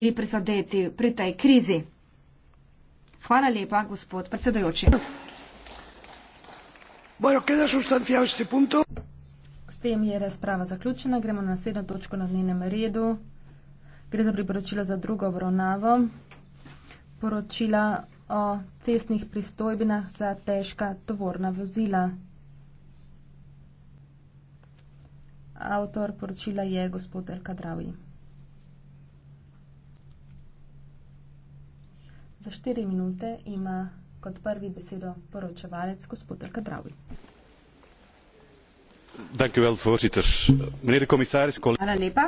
bili prizadeti pri tej krizi. Hvala lepa, gospod predsedujoči. S tem je razprava zaključena. Gremo na naslednjo točko na dnevnem redu. Gre za priporočilo za drugo obravnavo. Poročila o cestnih pristojbinah za težka tovorna vozila. Avtor poročila je gospod Elka Dravi. Za štiri minute ima kot prvi besedo poročevalec gospod Kadravi. Dank u wel, voorzitter. Meneer de commissaris, collega's. Hallo, lepa.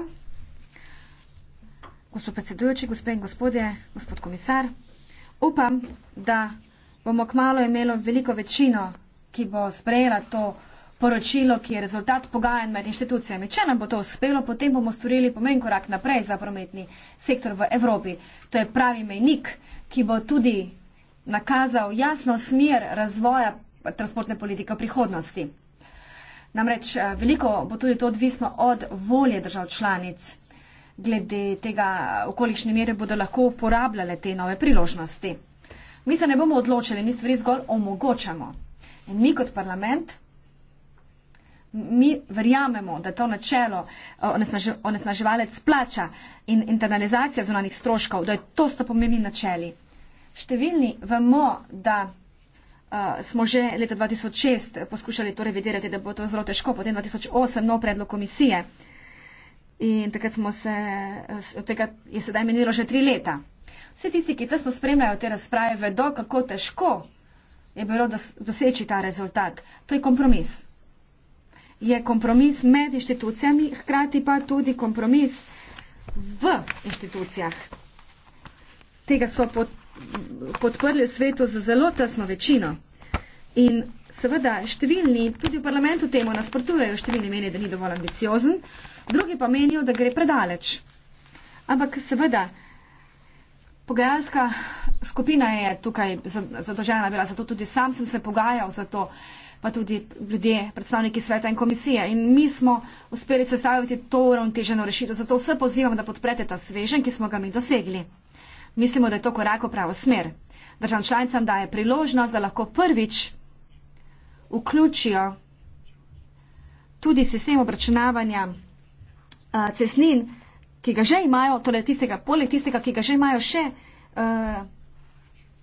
Gospod predsedujoči, gospe in gospodje, gospod komisar. Upam, da bomo kmalo imeli veliko večino, ki bo sprejela to poročilo, ki je rezultat pogajanj med inštitucijami. Če nam bo to uspelo, potem bomo storili pomen korak naprej za prometni sektor v Evropi. To je pravi mejnik ki bo tudi nakazal jasno smer razvoja transportne politike v prihodnosti. Namreč eh, veliko bo tudi to odvisno od volje držav članic, glede tega, v kolikšni meri bodo lahko uporabljale te nove priložnosti. Mi se ne bomo odločili, mi stvari zgolj omogočamo. In mi kot parlament mi verjamemo, da to načelo eh, onesnaževalec plača in internalizacija zunanih stroškov, da je to sta pomembni načeli. Številni vemo, da uh, smo že leta 2006 poskušali to revidirati, da bo to zelo težko, potem 2008 nov predlog komisije. In takrat smo se, eh, od tega je sedaj menilo že tri leta. Vsi tisti, ki tesno spremljajo te razprave, vedo, kako težko je bilo doseči ta rezultat. To je kompromis je kompromis med inštitucijami, hkrati pa tudi kompromis v inštitucijah. Tega so pod, podprli v svetu z zelo tesno večino. In seveda številni, tudi v parlamentu temu nasprotujejo, številni menijo, da ni dovolj ambiciozen, drugi pa menijo, da gre predaleč. Ampak seveda, pogajalska skupina je tukaj zadolžena bila, zato tudi sam sem se pogajal za to, pa tudi ljudje, predstavniki sveta in komisije. In mi smo uspeli sestaviti to uravnoteženo rešitev, zato vse pozivam, da podprete ta svežen, ki smo ga mi dosegli. Mislimo, da je to korak v pravo smer. Državam članicam daje priložnost, da lahko prvič vključijo tudi sistem obračunavanja uh, eh, cesnin, ki ga že imajo, torej tistega, poleg tistega, ki ga že imajo še. Uh,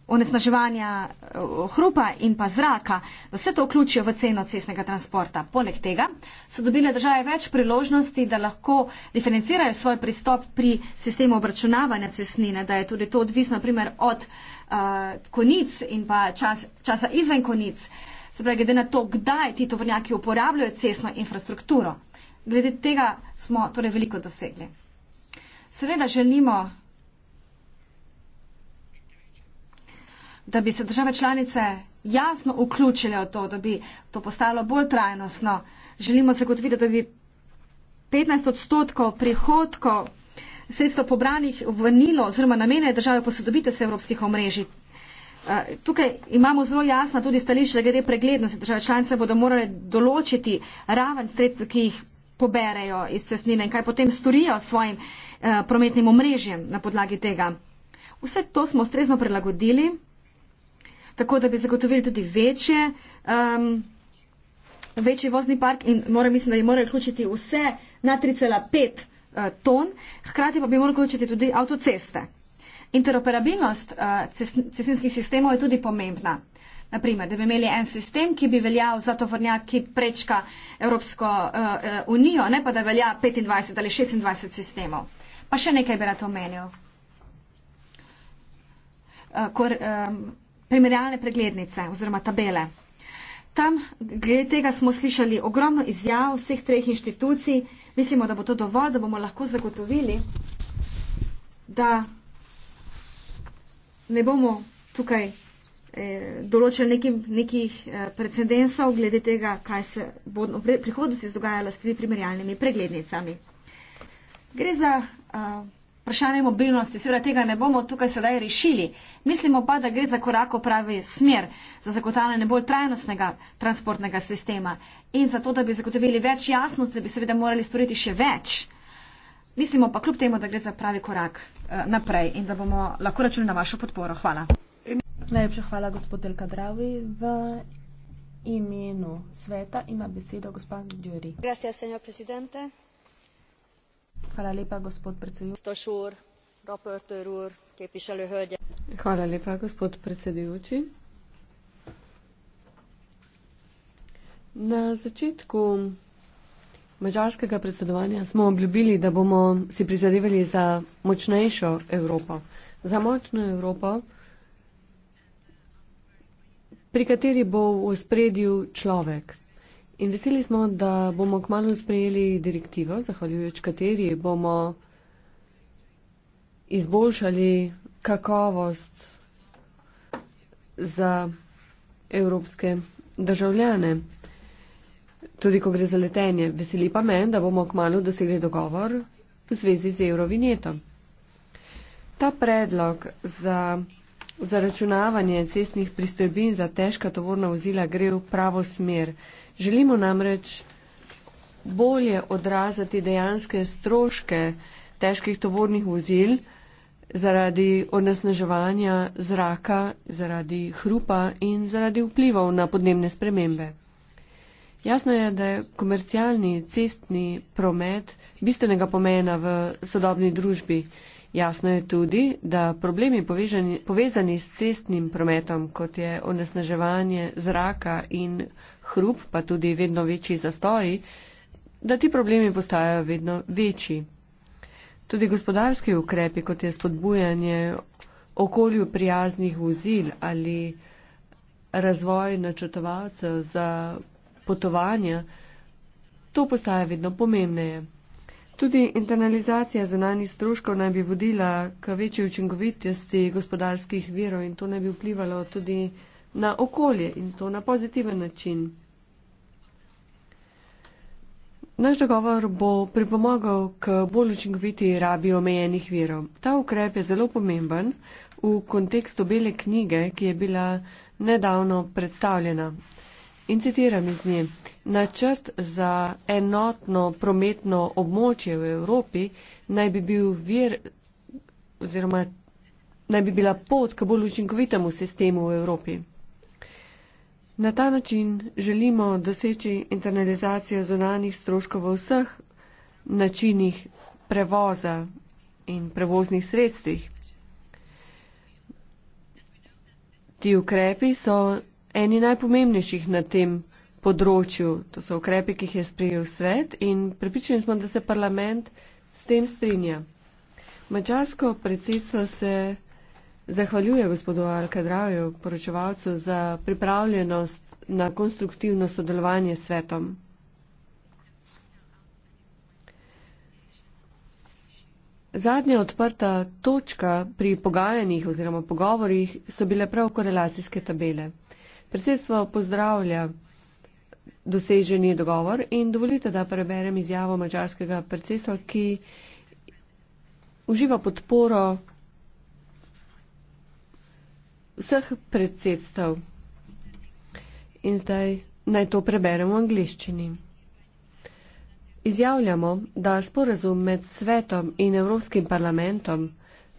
onesnaževanja eh, hrupa in pa zraka, vse to vključijo v ceno cestnega transporta. Poleg tega so dobile države več priložnosti, da lahko diferencirajo svoj pristop pri sistemu obračunavanja cestnine, da je tudi to odvisno naprimer od uh, konic in pa čas, časa izven konic, se pravi, glede na to, kdaj ti tovornjaki uporabljajo cestno infrastrukturo. Glede tega smo torej veliko dosegli. Seveda želimo da bi se države članice jasno vključile v to, da bi to postalo bolj trajnostno. Želimo se kot videti, da bi 15 odstotkov prihodkov sredstev pobranih vrnilo oziroma namene države posodobite se evropskih omrežij. Eh, tukaj imamo zelo jasno tudi stališče, glede preglednosti. Države članice bodo morale določiti raven sredstev, ki jih poberejo iz cestnine in kaj potem storijo s svojim eh, prometnim omrežjem na podlagi tega. Vse to smo ustrezno prilagodili tako da bi zagotovili tudi večje, um, večji vozni park in mora, mislim, da bi morali vključiti vse na 3,5 uh, ton, hkrati pa bi morali vključiti tudi avtoceste. Interoperabilnost uh, cestninskih sistemov je tudi pomembna. Naprimer, da bi imeli en sistem, ki bi veljal za tovornjak, ki prečka Evropsko uh, uh unijo, ne pa da velja 25 ali 26 sistemov. Pa še nekaj bi rad omenil. Uh, kor, um, primerjalne preglednice oziroma tabele. Tam, glede tega, smo slišali ogromno izjav vseh treh inštitucij. Mislimo, da bo to dovolj, da bomo lahko zagotovili, da ne bomo tukaj eh, določili nekim, nekih eh, precedensov glede tega, kaj se bo v prihodnosti zdogajalo s tremi primerjalnimi preglednicami. Gre za. Eh, vprašanje mobilnosti. Seveda tega ne bomo tukaj sedaj rešili. Mislimo pa, da gre za korak v pravi smer, za zagotavljanje bolj trajnostnega transportnega sistema in za to, da bi zagotovili več jasnosti, da bi seveda morali storiti še več. Mislimo pa kljub temu, da gre za pravi korak eh, naprej in da bomo lahko računali na vašo podporo. Hvala. Najlepša hvala, gospod Delka Dravi. V imenu sveta ima besedo gospod Djuri. Gracias, Hvala lepa, gospod predsedujoči. Raportőr úr, képviselő hölgye. Hvala lepa, gospod predsedujoči. Na začetku mađarskega predsedovanja smo obljubili, da bomo si prizadevali za močnejšo Evropo. Za močno Evropo, pri kateri bo v spredju človek, In veseli smo, da bomo kmalo sprejeli direktivo, zahvaljujoč kateri bomo izboljšali kakovost za evropske državljane. Tudi ko gre za letenje, veseli pa me, da bomo kmalo dosegli dogovor v zvezi z eurovinjeto. Ta predlog za zaračunavanje cestnih pristojbin za težka tovorna vozila gre v pravo smer. Želimo namreč bolje odrazati dejanske stroške težkih tovornih vozil zaradi onesnaževanja zraka, zaradi hrupa in zaradi vplivov na podnebne spremembe. Jasno je, da je komercialni cestni promet bistvenega pomena v sodobni družbi. Jasno je tudi, da problemi povezani, povezani s cestnim prometom, kot je onesnaževanje zraka in hrup, pa tudi vedno večji zastoji, da ti problemi postajajo vedno večji. Tudi gospodarski ukrepi, kot je spodbujanje okolju prijaznih vozil ali razvoj načrtovalcev za potovanja, to postaja vedno pomembneje. Tudi internalizacija zunanjih stroškov naj bi vodila k večji učinkovitosti gospodarskih virov in to naj bi vplivalo tudi na okolje in to na pozitiven način. Naš dogovor bo pripomogel k bolj učinkoviti rabi omejenih virov. Ta ukrep je zelo pomemben v kontekstu bele knjige, ki je bila nedavno predstavljena. In citiram iz nje, načrt za enotno prometno območje v Evropi naj bi bil vir oziroma naj bi bila pot k bolj učinkovitemu sistemu v Evropi. Na ta način želimo doseči internalizacijo zunanih stroškov v vseh načinih prevoza in prevoznih sredstvih. Ti ukrepi so eni najpomembnejših na tem področju. To so ukrepi, ki jih je sprejel svet in pripričani smo, da se parlament s tem strinja. Mačarsko predsedstvo se zahvaljuje gospodu Alkadraju, poročevalcu, za pripravljenost na konstruktivno sodelovanje s svetom. Zadnja odprta točka pri pogajanjih oziroma pogovorjih so bile prav korelacijske tabele. Predsedstvo pozdravlja doseženi dogovor in dovolite, da preberem izjavo mačarskega predsedstva, ki uživa podporo vseh predsedstv. In zdaj naj to preberemo v angliščini. Izjavljamo, da sporazum med svetom in Evropskim parlamentom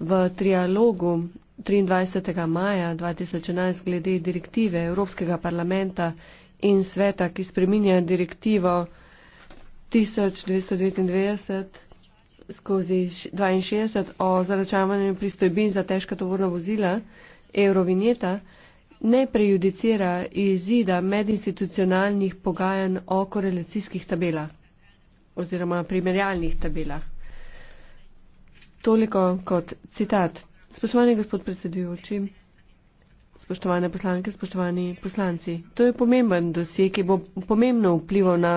v trialogu 23. maja 2011 glede direktive Evropskega parlamenta in sveta, ki spreminja direktivo 1299 skozi 62 o zaračavanju pristojbin za težka tovorna vozila, Eurovinjeta ne prejudicira izida medinstitucionalnih pogajanj o korelacijskih tabelah oziroma primerjalnih tabelah. Toliko kot citat. Spoštovani gospod predsedujoči, spoštovane poslanke, spoštovani poslanci, to je pomemben dosje, ki bo pomembno vplival na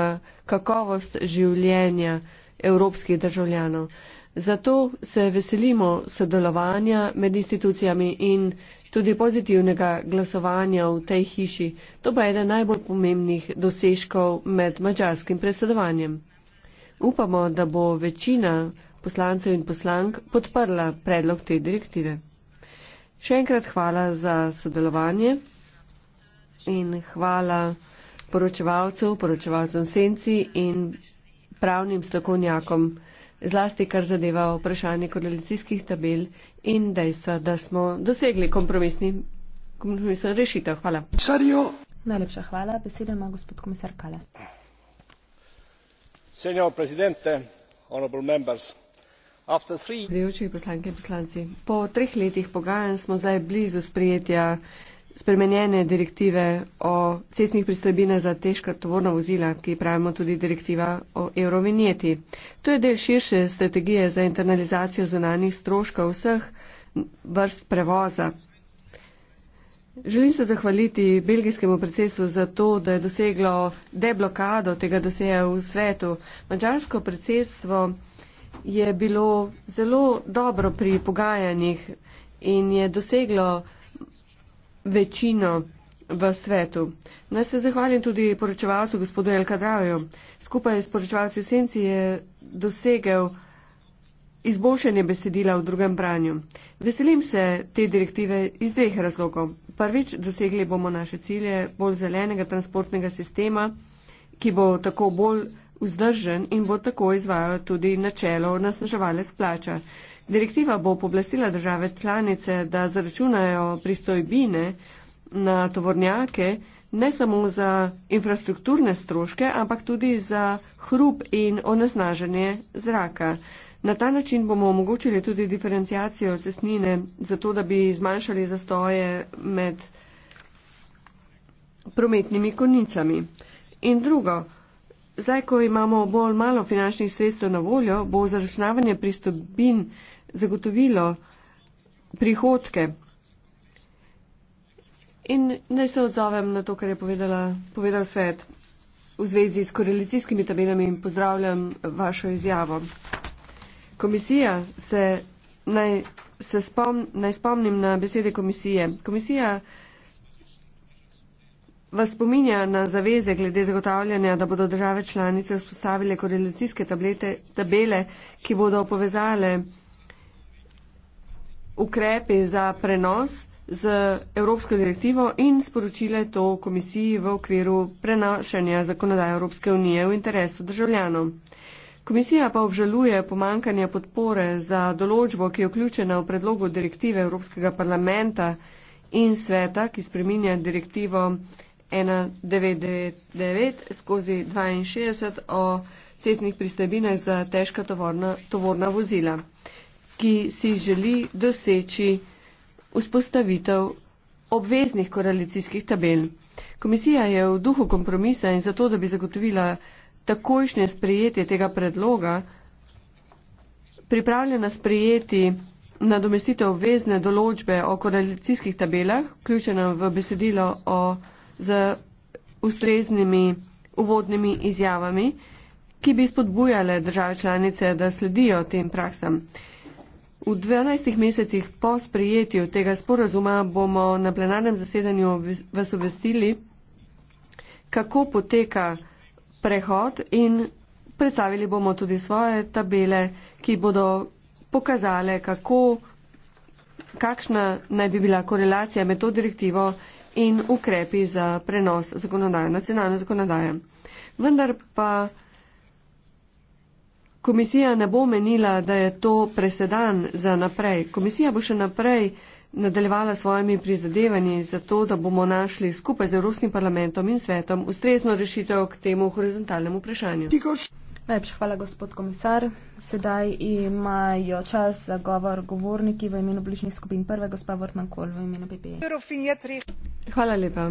kakovost življenja evropskih državljanov. Zato se veselimo sodelovanja med institucijami in tudi pozitivnega glasovanja v tej hiši. To pa je eden najbolj pomembnih dosežkov med mačarskim predsedovanjem. Upamo, da bo večina poslancev in poslank podprla predlog te direktive. Še enkrat hvala za sodelovanje in hvala poročevalcev, poročevalcem senci in pravnim strokovnjakom zlasti kar zadeva vprašanje korelacijskih tabel in dejstva, da smo dosegli kompromisni, kompromisno rešitev. Hvala. Sarijo. Najlepša hvala. Besedo ima gospod komisar Kalas. Senjor prezidente, honorable members. Three... Po treh letih pogajanj smo zdaj blizu sprijetja spremenjene direktive o cestnih pristojbinah za težka tovorna vozila, ki pravimo tudi direktiva o eurovinjeti. To je del širše strategije za internalizacijo zunanih stroškov vseh vrst prevoza. Želim se zahvaliti belgijskemu predsedstvu za to, da je doseglo deblokado tega doseja v svetu. Mačarsko predsedstvo je bilo zelo dobro pri pogajanjih in je doseglo večino v svetu. Naj se zahvalim tudi poročevalcu gospodu El Kadraju. Skupaj s poročevalci v senci je dosegel izboljšanje besedila v drugem branju. Veselim se te direktive iz dveh razlogov. Prvič, dosegli bomo naše cilje bolj zelenega transportnega sistema, ki bo tako bolj vzdržen in bo tako izvajal tudi načelo naslaževalec plača. Direktiva bo poblastila države članice, da zaračunajo pristojbine na tovornjake ne samo za infrastrukturne stroške, ampak tudi za hrup in onesnaženje zraka. Na ta način bomo omogočili tudi diferencijacijo cestnine, zato da bi zmanjšali zastoje med prometnimi konicami. In drugo, zdaj, ko imamo bolj malo finančnih sredstev na voljo, bo zaračunavanje pristojbin zagotovilo prihodke. In naj se odzovem na to, kar je povedala, povedal svet v zvezi s korelacijskimi tabelami in pozdravljam vašo izjavo. Komisija se naj, se spom, naj spomnim na besede komisije. Komisija vas spominja na zaveze glede zagotavljanja, da bodo države članice vzpostavile korelacijske tablete, tabele, ki bodo povezale ukrepe za prenos z Evropsko direktivo in sporočile to komisiji v okviru prenašanja zakonodaje Evropske unije v interesu državljanov. Komisija pa obžaluje pomankanje podpore za določbo, ki je vključena v predlogu direktive Evropskega parlamenta in sveta, ki spreminja direktivo 1999 skozi 62 o cestnih pristebinah za težka tovorna, tovorna vozila ki si želi doseči vzpostavitev obveznih koalicijskih tabel. Komisija je v duhu kompromisa in zato, da bi zagotovila takojšnje sprejetje tega predloga, pripravljena sprejeti nadomestitev obvezne določbe o koalicijskih tabelah, vključena v besedilo o, z ustreznimi uvodnimi izjavami, ki bi spodbujale države članice, da sledijo tem praksam. V 12 mesecih po sprejetju tega sporazuma bomo na plenarnem zasedanju vas obvestili, kako poteka prehod in predstavili bomo tudi svoje tabele, ki bodo pokazale, kako, kakšna naj bi bila korelacija med to direktivo in ukrepi za prenos zakonodaje, nacionalne zakonodaje. Vendar pa Komisija ne bo menila, da je to presedan za naprej. Komisija bo še naprej nadaljevala svojimi prizadevanji za to, da bomo našli skupaj z Evropskim parlamentom in svetom ustrezno rešitev k temu horizontalnemu vprašanju. Najlepša hvala, gospod komisar. Sedaj imajo čas za govor govorniki v imenu bližnjih skupin. Prva gospa Vrtman Kol v imenu PPE. Hvala lepa.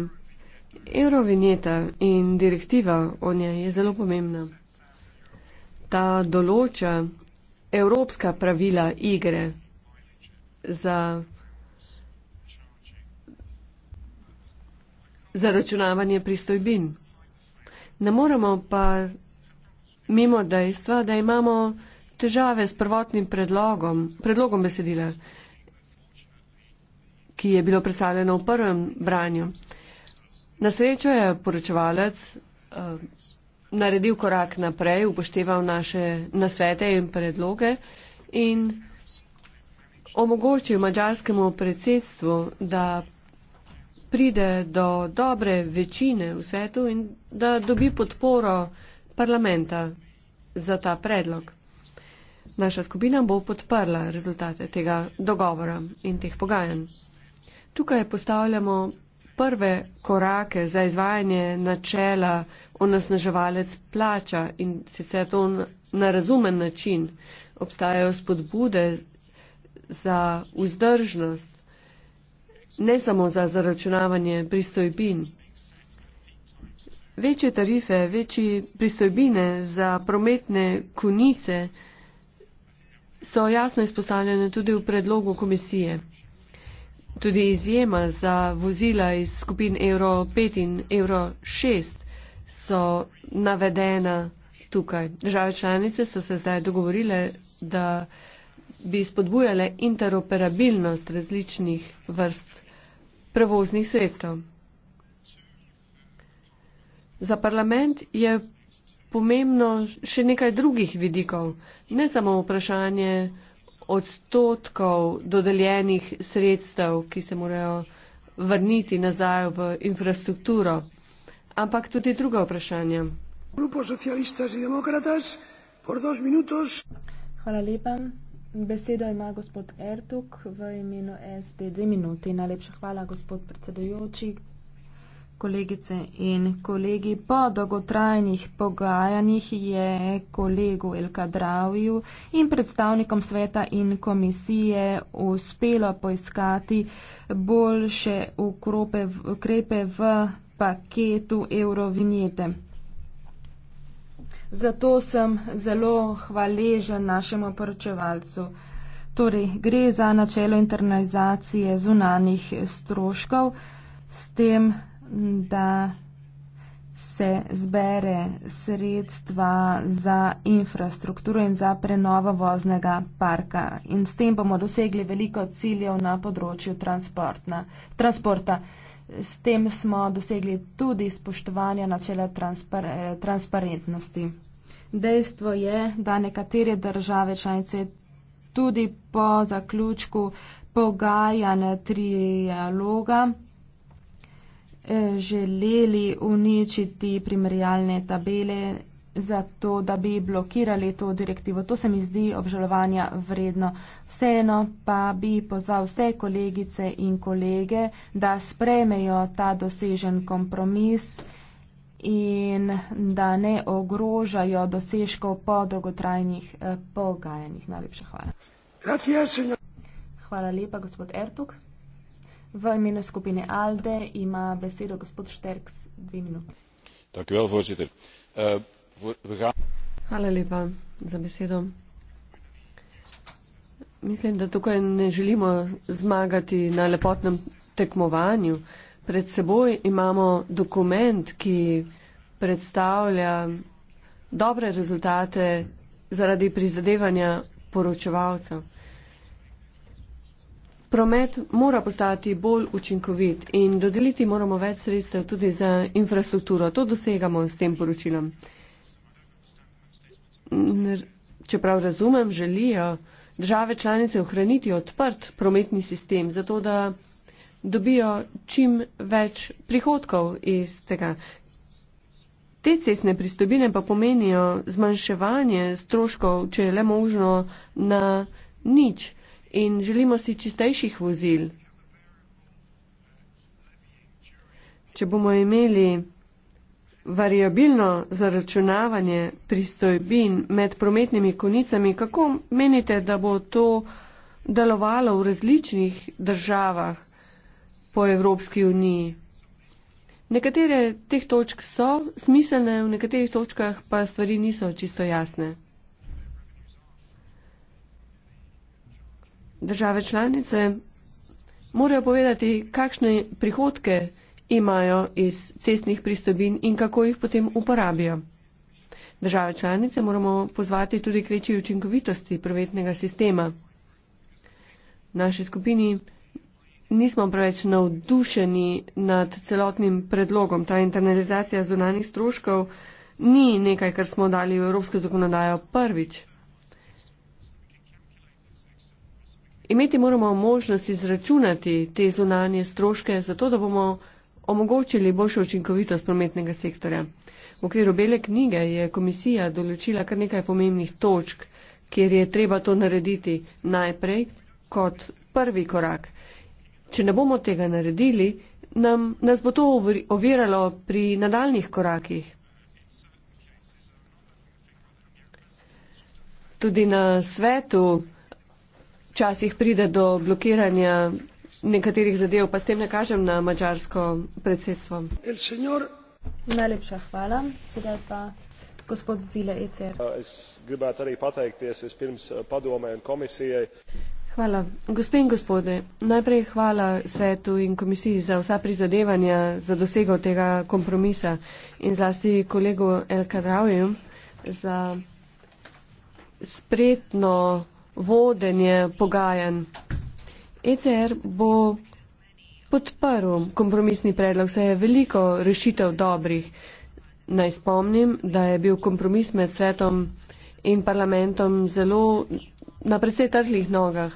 Eurovinjeta in direktiva o njej je zelo pomembna da določa evropska pravila igre za zaračunavanje pristojbin. Ne moramo pa mimo dejstva, da imamo težave s prvotnim predlogom, predlogom besedila, ki je bilo predstavljeno v prvem branju. Na srečo je poročevalec uh, naredil korak naprej, upošteval naše nasvete in predloge in omogočil mađarskemu predsedstvu, da pride do dobre večine v svetu in da dobi podporo parlamenta za ta predlog. Naša skupina bo podprla rezultate tega dogovora in teh pogajanj. Tukaj postavljamo prve korake za izvajanje načela onesnaževalec plača in sicer to na razumen način. Obstajajo spodbude za vzdržnost, ne samo za zaračunavanje pristojbin. Večje tarife, večje pristojbine za prometne konice so jasno izpostavljene tudi v predlogu komisije. Tudi izjema za vozila iz skupin Euro 5 in Euro 6 so navedena tukaj. Države članice so se zdaj dogovorile, da bi spodbujale interoperabilnost različnih vrst prevoznih sredstev. Za parlament je pomembno še nekaj drugih vidikov, ne samo vprašanje, odstotkov dodeljenih sredstev, ki se morajo vrniti nazaj v infrastrukturo. Ampak tudi druga vprašanja. Hvala lepa. Besedo ima gospod Ertuk v imenu SD. Dve minuti. Najlepša hvala, gospod predsedujoči kolegice in kolegi. Po dolgotrajnih pogajanjih je kolegu Elka Draviju in predstavnikom sveta in komisije uspelo poiskati boljše ukrope, ukrepe v paketu eurovinjete. Zato sem zelo hvaležen našemu poročevalcu. Torej, gre za načelo internalizacije zunanih stroškov. S tem da se zbere sredstva za infrastrukturo in za prenovo voznega parka. In s tem bomo dosegli veliko ciljev na področju transporta. S tem smo dosegli tudi spoštovanje načela transpar transparentnosti. Dejstvo je, da nekatere države članice tudi po zaključku pogajanja trialoga Eh, želeli uničiti primerjalne tabele za to, da bi blokirali to direktivo. To se mi zdi obžalovanja vredno. Vseeno pa bi pozval vse kolegice in kolege, da spremejo ta dosežen kompromis in da ne ogrožajo dosežkov po dolgotrajnih eh, pogajanjih. Najlepša hvala. Hvala lepa, gospod Ertuk. V imenu skupine ALDE ima besedo gospod Šterks, dve minuti. Tako je, voziter. Hvala lepa za besedo. Mislim, da tukaj ne želimo zmagati na lepotnem tekmovanju. Pred seboj imamo dokument, ki predstavlja dobre rezultate zaradi prizadevanja poročevalcev. Promet mora postati bolj učinkovit in dodeliti moramo več sredstev tudi za infrastrukturo. To dosegamo s tem poročilom. Čeprav razumem, želijo države članice ohraniti odprt prometni sistem, zato da dobijo čim več prihodkov iz tega. Te cestne pristobine pa pomenijo zmanjševanje stroškov, če je le možno, na nič in želimo si čistejših vozil. Če bomo imeli variabilno zaračunavanje pristojbin med prometnimi konicami, kako menite, da bo to delovalo v različnih državah po Evropski uniji? Nekatere teh točk so smiselne, v nekaterih točkah pa stvari niso čisto jasne. države članice morajo povedati, kakšne prihodke imajo iz cestnih pristobin in kako jih potem uporabijo. Države članice moramo pozvati tudi k večji učinkovitosti prometnega sistema. V naši skupini nismo preveč navdušeni nad celotnim predlogom. Ta internalizacija zunanih stroškov ni nekaj, kar smo dali v evropsko zakonodajo prvič. Imeti moramo možnost izračunati te zunanje stroške, zato da bomo omogočili boljšo učinkovitost prometnega sektorja. V okviru bele knjige je komisija določila kar nekaj pomembnih točk, kjer je treba to narediti najprej kot prvi korak. Če ne bomo tega naredili, nam, nas bo to oviralo pri nadaljnih korakih. Tudi na svetu včasih pride do blokiranja nekaterih zadev, pa s tem ne kažem na mačarsko predsedstvo. Senor... Najlepša hvala. Sedaj pa gospod Zile Ecer. Ja, torej eh, hvala. Gospe in gospode, najprej hvala svetu in komisiji za vsa prizadevanja za dosego tega kompromisa in zlasti kolegu El Kadraviju za spretno vodenje pogajanj. ECR bo podprl kompromisni predlog, saj je veliko rešitev dobrih. Naj spomnim, da je bil kompromis med svetom in parlamentom zelo na precej trhlih nogah,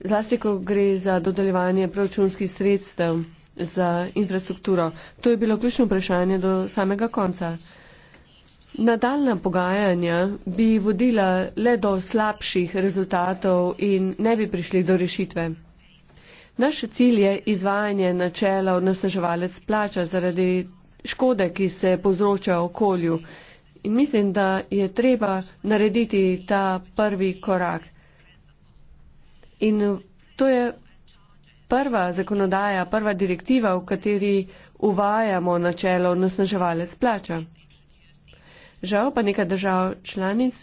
zlasti ko gre za dodeljevanje proračunskih sredstev za infrastrukturo. To je bilo ključno vprašanje do samega konca. Nadaljna pogajanja bi vodila le do slabših rezultatov in ne bi prišli do rešitve. Naše cilj je izvajanje načela odnasneževalec plača zaradi škode, ki se povzroča okolju. In mislim, da je treba narediti ta prvi korak. In to je prva zakonodaja, prva direktiva, v kateri uvajamo načelo odnasneževalec plača. Žal pa nekaj držav članic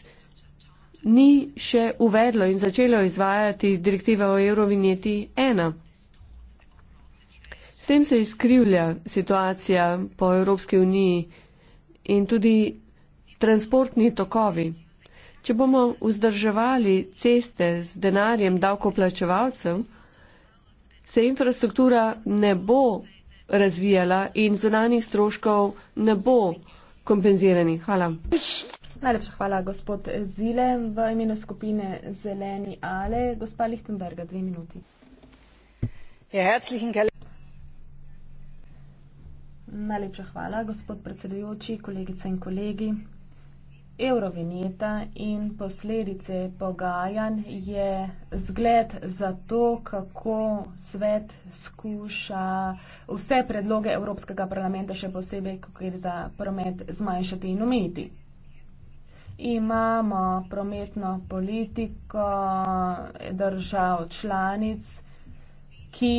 ni še uvedlo in začelo izvajati direktive o eurovinjeti 1. S tem se izkrivlja situacija po Evropski uniji in tudi transportni tokovi. Če bomo vzdrževali ceste z denarjem davkoplačevalcev, se infrastruktura ne bo razvijala in zunanih stroškov ne bo kompenzirani. Hvala. Najlepša hvala, gospod Zile, v imenu skupine Zeleni Ale. Gospa Lichtenberga, dve minuti. Ja, herzlichen gel. Najlepša hvala, gospod predsedujoči, kolegice in kolegi. Eurovineta in posledice pogajanj je zgled za to, kako svet skuša vse predloge Evropskega parlamenta, še posebej, ko gre za promet, zmanjšati in umeti. Imamo prometno politiko držav članic, ki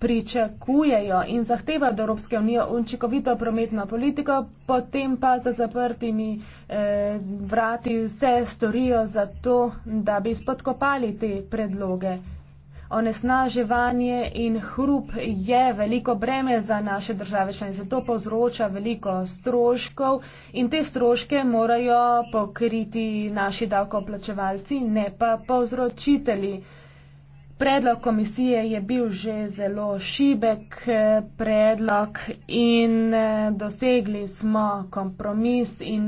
pričakujejo in zahteva od Evropske unije učinkovito prometno politiko, potem pa za zaprtimi eh, vrati vse storijo za to, da bi spodkopali te predloge. Onesnaževanje in hrup je veliko breme za naše države članice, zato povzroča veliko stroškov in te stroške morajo pokriti naši davkoplačevalci, ne pa povzročitelji. Predlog komisije je bil že zelo šibek eh, predlog in eh, dosegli smo kompromis in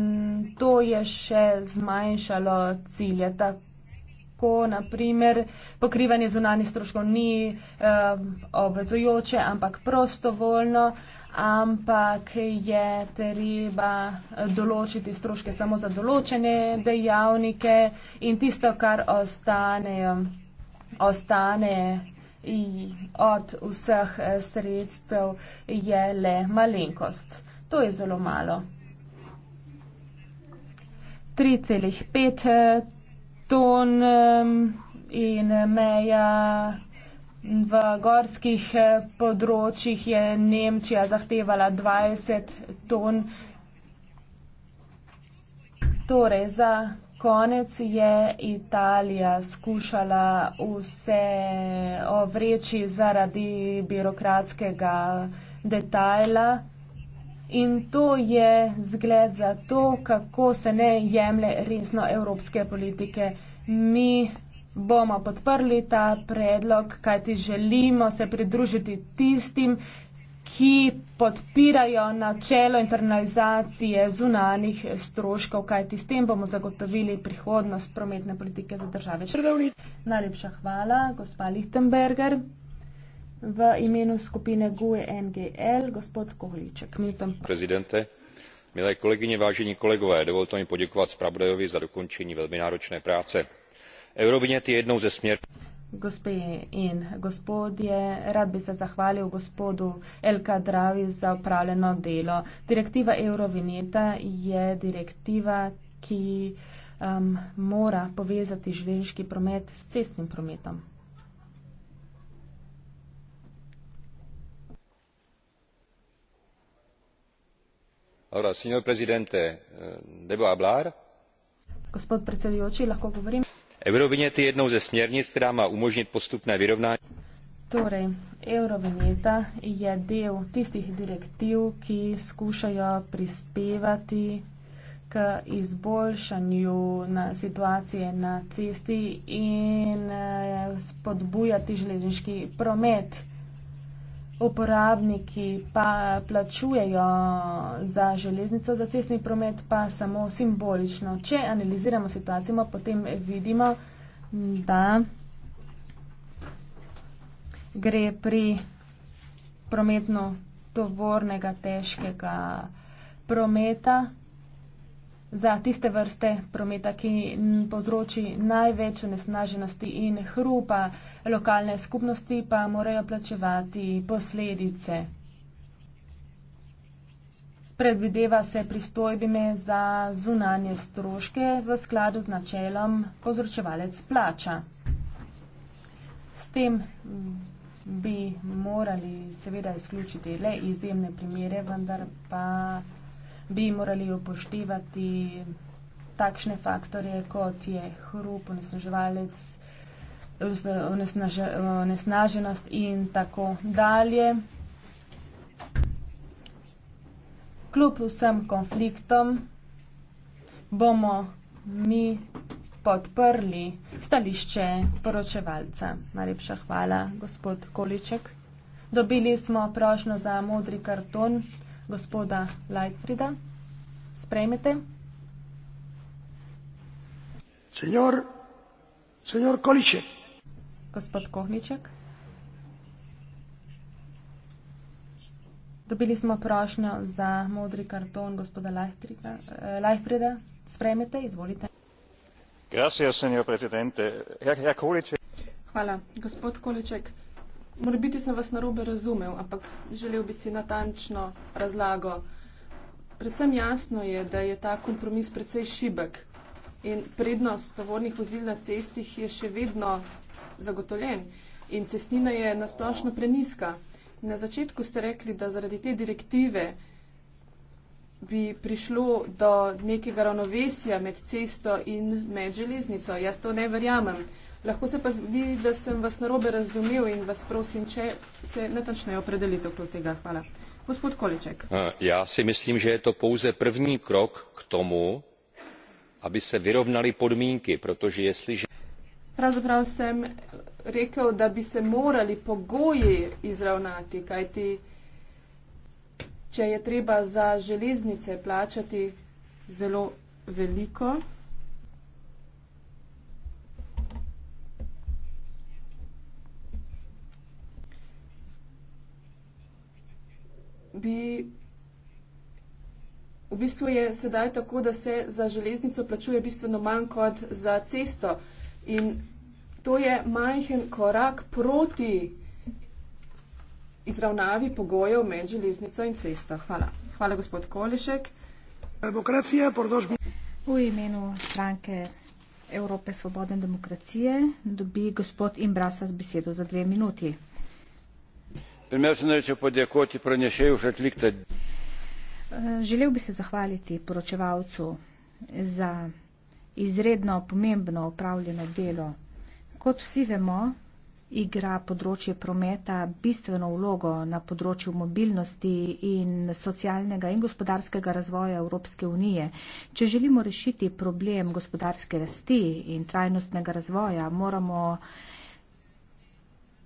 to je še zmanjšalo cilje. Tako naprimer pokrivanje zunanih stroškov ni eh, obvezujoče, ampak prostovoljno, ampak je treba določiti stroške samo za določene dejavnike in tisto, kar ostanejo ostane od vseh eh, sredstev, je le malenkost. To je zelo malo. 3,5 eh, ton in meja v gorskih eh, področjih je Nemčija zahtevala 20 ton. Torej, za konec je Italija skušala vse ovreči zaradi birokratskega detajla. In to je zgled za to, kako se ne jemlje resno evropske politike. Mi bomo podprli ta predlog, kajti želimo se pridružiti tistim, ki podpirajo načelo internalizacije zunanih stroškov, kajti s tem bomo zagotovili prihodnost prometne politike za države. Najlepša hvala, gospa Lichtenberger. V imenu skupine GUE NGL, gospod Kohliček. Prezidente, milé kolegyně, vážení kolegové, dovolte mi poděkovat spravodajovi za dokončení velmi náročné práce. Eurovinět je jednou ze směr... Gospe in gospodje, rad bi se zahvalil gospodu Elka Dravi za upravljeno delo. Direktiva Eurovineta je direktiva, ki um, mora povezati železniški promet s cestnim prometom. Hvala, signor presidente, eh, debo hablar? Gospod predsedujoči, lahko govorim? eurovignette je jednou ze směrnic, která má umožnit postupné vyrovnání. Torej, eurovinjeta je del tistih direktiv, ki skušajo prispevati k izboljšanju na situacije na cesti in eh, spodbujati železniški promet uporabniki pa plačujejo za železnico, za cestni promet pa samo simbolično. Če analiziramo situacijo, potem vidimo, da gre pri prometno tovornega težkega prometa za tiste vrste prometa, ki povzroči največ onesnaženosti in hrupa, lokalne skupnosti pa morajo plačevati posledice. Predvideva se pristojbime za zunanje stroške v skladu z načelom povzročevalec plača. S tem bi morali seveda izključiti le izjemne primere, vendar pa bi morali upoštevati takšne faktorje, kot je hrup, onesnaževalec, onesnaženost in tako dalje. Kljub vsem konfliktom bomo mi podprli stališče poročevalca. Najlepša hvala, gospod Količek. Dobili smo prošlo za modri karton gospoda Lightfrida. Sprejmete. Senor, senor Količek. Gospod Kohniček. Dobili smo prošnjo za modri karton gospoda Lajfrida. Eh, Sprejmete, izvolite. Gracias, senor presidente. Herr, Herr Količek. Hvala, gospod Količek. Morbiti sem vas narobe razumel, ampak želel bi si natančno razlago. Predvsem jasno je, da je ta kompromis precej šibek in prednost tovornih vozil na cestih je še vedno zagotovljen in cestnina je nasplošno preniska. Na začetku ste rekli, da zaradi te direktive bi prišlo do nekega ravnovesja med cesto in med železnico. Jaz to ne verjamem. Lahko se pa zdi, da sem vas narobe razumel in vas prosim, če se natančneje opredelite okrog tega. Hvala. Gospod Količek. Eh, já si myslím, že je to pouze první krok k tomu, aby se vyrovnali podmínky, protože jestliže... Pravzaprav jsem řekl, da by se morali pogoji izravnati, kaj ty, če je třeba za železnice plačati zelo veliko, bi. V bistvu je sedaj tako, da se za železnico plačuje bistveno manj kot za cesto. In to je majhen korak proti izravnavi pogojev med železnico in cesto. Hvala. Hvala, gospod Kolišek. Demokracija, pordožbo. V imenu stranke Evrope svobodne demokracije dobi gospod Imbrasa z besedo za dve minuti pirmiausia norėčiau padėkoti pranešėjai už atliktą. Želel bi se zahvaliti poročevalcu za izredno pomembno upravljeno delo. Kot vsi vemo, igra področje prometa bistveno vlogo na področju mobilnosti in socialnega in gospodarskega razvoja Evropske unije. Če želimo rešiti problem gospodarske rasti in trajnostnega razvoja, moramo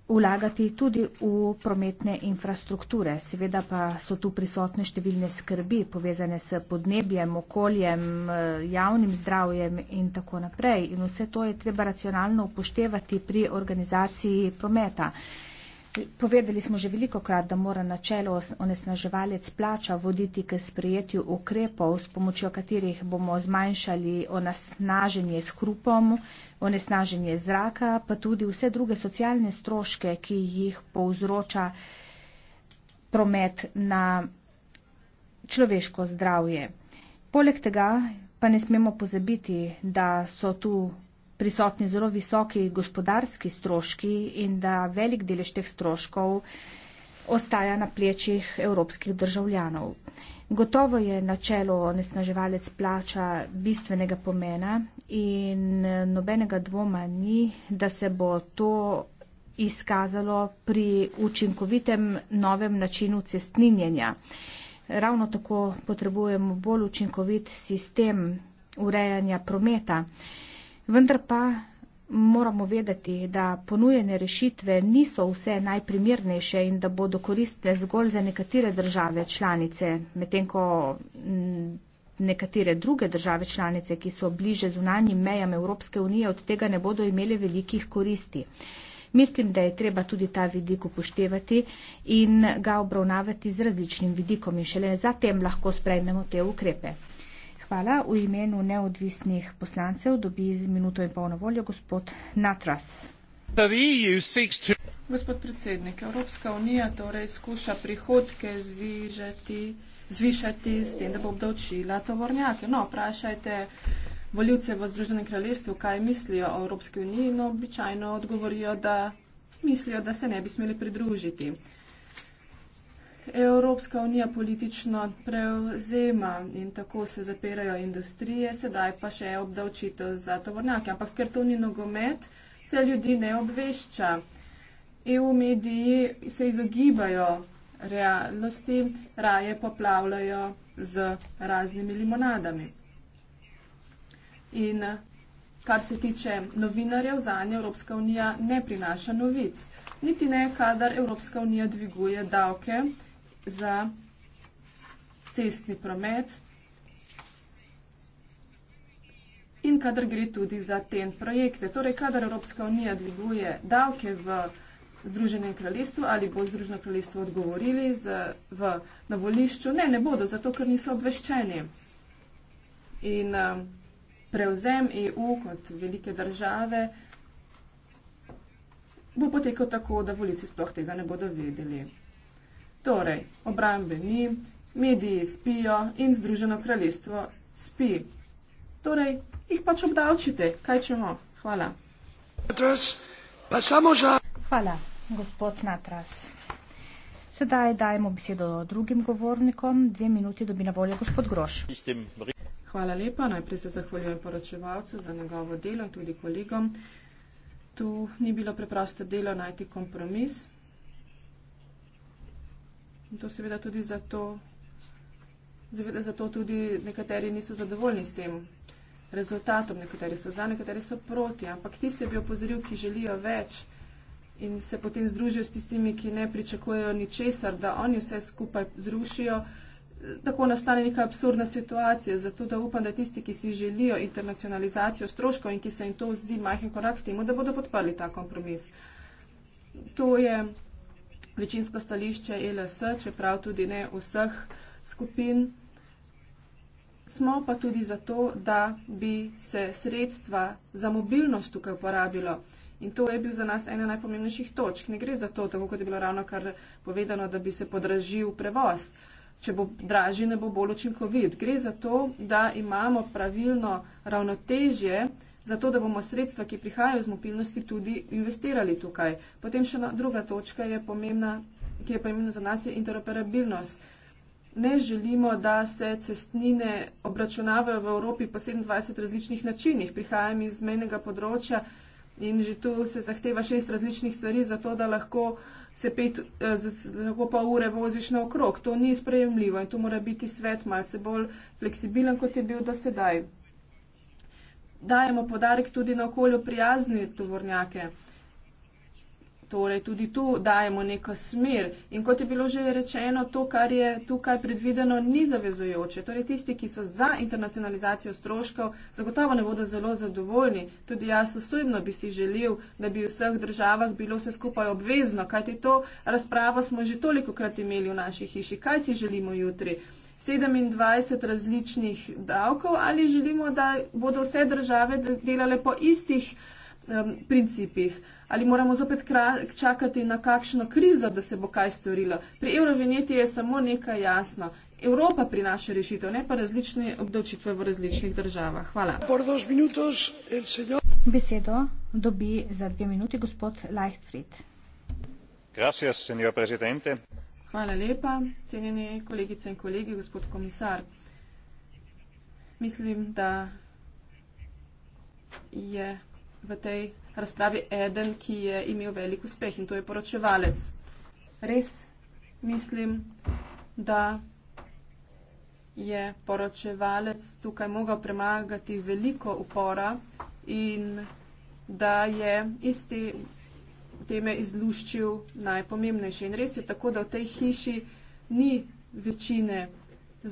vlagati tudi v prometne infrastrukture. Seveda pa so tu prisotne številne skrbi povezane s podnebjem, okoljem, eh, javnim zdravjem in tako naprej. In vse to je treba racionalno upoštevati pri organizaciji prometa. Povedali smo že veliko krat, da mora načelo onesnaževalec plača voditi k sprejetju ukrepov, s pomočjo katerih bomo zmanjšali onesnaženje s hrupom, onesnaženje zraka, pa tudi vse druge socialne stroške, ki jih povzroča promet na človeško zdravje. Poleg tega pa ne smemo pozabiti, da so tu prisotni zelo visoki gospodarski stroški in da velik delež teh stroškov ostaja na plečih evropskih državljanov. Gotovo je načelo onesnaževalec plača bistvenega pomena in nobenega dvoma ni, da se bo to izkazalo pri učinkovitem novem načinu cestninjenja. Ravno tako potrebujemo bolj učinkovit sistem urejanja prometa. Vendar pa moramo vedeti, da ponujene rešitve niso vse najprimernejše in da bodo koristne zgolj za nekatere države članice, medtem ko mm, nekatere druge države članice, ki so bliže zunanjim mejam Evropske unije, od tega ne bodo imeli velikih koristi. Mislim, da je treba tudi ta vidik upoštevati in ga obravnavati z različnim vidikom in šele zatem lahko sprejmemo te ukrepe. Hvala. V imenu neodvisnih poslancev dobi minuto in pol na voljo gospod Natras. E gospod predsednik, Evropska unija torej skuša prihodke zvižati, zvišati s tem, da bo obdavčila tovornjake. No, vprašajte voljivce v Združenem kraljestvu, kaj mislijo o Evropski uniji in no, običajno odgovorijo, da mislijo, da se ne bi smeli pridružiti. Evropska unija politično prevzema in tako se zapirajo industrije, sedaj pa še obdavčitev za tovornjake. Ampak ker to ni nogomet, se ljudi ne obvešča. EU mediji se izogibajo realnosti, raje poplavljajo z raznimi limonadami. In kar se tiče novinarjev, zanje Evropska unija ne prinaša novic. Niti ne, kadar Evropska unija dviguje davke za cestni promet in kadar gre tudi za ten projekte. Torej, kadar Evropska unija dviguje davke v Združenem kraljestvu ali bo Združeno kraljestvo odgovorili z, v, na volišču, ne, ne bodo, zato ker niso obveščeni. In um, prevzem EU kot velike države bo potekal tako, da volici sploh tega ne bodo vedeli. Torej, obrambe ni, mediji spijo in Združeno kraljestvo spi. Torej, jih pač obdavčite, kaj čemo. Hvala. Hvala, gospod Natras. Sedaj dajemo besedo drugim govornikom. Dve minuti dobi na voljo gospod Groš. Hvala lepa. Najprej se zahvaljujem poročevalcu za njegovo delo in tudi kolegom. Tu ni bilo preprosto delo najti kompromis. In to seveda tudi zato, seveda zato tudi nekateri niso zadovoljni s tem rezultatom, nekateri so za, nekateri so proti, ampak tiste bi opozoril, ki želijo več in se potem združijo s tistimi, ki ne pričakujejo ničesar, da oni vse skupaj zrušijo, tako nastane neka absurdna situacija. Zato da upam, da tisti, ki si želijo internacionalizacijo stroškov in ki se jim to zdi majhen korak k temu, da bodo podprli ta kompromis. To je večinsko stališče e LS, čeprav tudi ne vseh skupin. Smo pa tudi zato, da bi se sredstva za mobilnost tukaj uporabilo. In to je bil za nas ena najpomembnejših točk. Ne gre za to, tako kot je bilo ravno kar povedano, da bi se podražil prevoz. Če bo draži, ne bo bolj učinkovit. Gre za to, da imamo pravilno ravnotežje zato da bomo sredstva, ki prihajajo iz mobilnosti, tudi investirali tukaj. Potem še druga točka, je pomembna, ki je pomembna za nas, je interoperabilnost. Ne želimo, da se cestnine obračunavajo v Evropi po 27 različnih načinih. Prihajam iz menjega področja in že tu se zahteva šest različnih stvari, zato da lahko se pet, eh, lahko pa ure voziš na okrog. To ni sprejemljivo in tu mora biti svet malce bolj fleksibilen, kot je bil do sedaj dajemo podarek tudi na okolju prijazne tovornjake. Torej, tudi tu dajemo neko smer. In kot je bilo že rečeno, to, kar je tukaj predvideno, ni zavezujoče. Torej, tisti, ki so za internacionalizacijo stroškov, zagotovo ne bodo zelo zadovoljni. Tudi jaz osebno bi si želel, da bi v vseh državah bilo vse skupaj obvezno, kajti to razpravo smo že toliko krat imeli v naši hiši. Kaj si želimo jutri? 27 različnih davkov ali želimo, da bodo vse države delale po istih um, principih. Ali moramo zopet čakati na kakšno krizo, da se bo kaj storilo. Pri eurovinjeti je samo nekaj jasno. Evropa prinaša rešitev, ne pa različne obdočitve v različnih državah. Hvala. Besedo dobi za dve minuti gospod Leichtfried. Gracias, Hvala lepa. Cenjeni kolegice in kolegi, gospod komisar. Mislim, da je v tej razpravi eden, ki je imel velik uspeh in to je poročevalec. Res mislim, da je poročevalec tukaj mogel premagati veliko upora in da je iz te teme izluščil najpomembnejše. In res je tako, da v tej hiši ni večine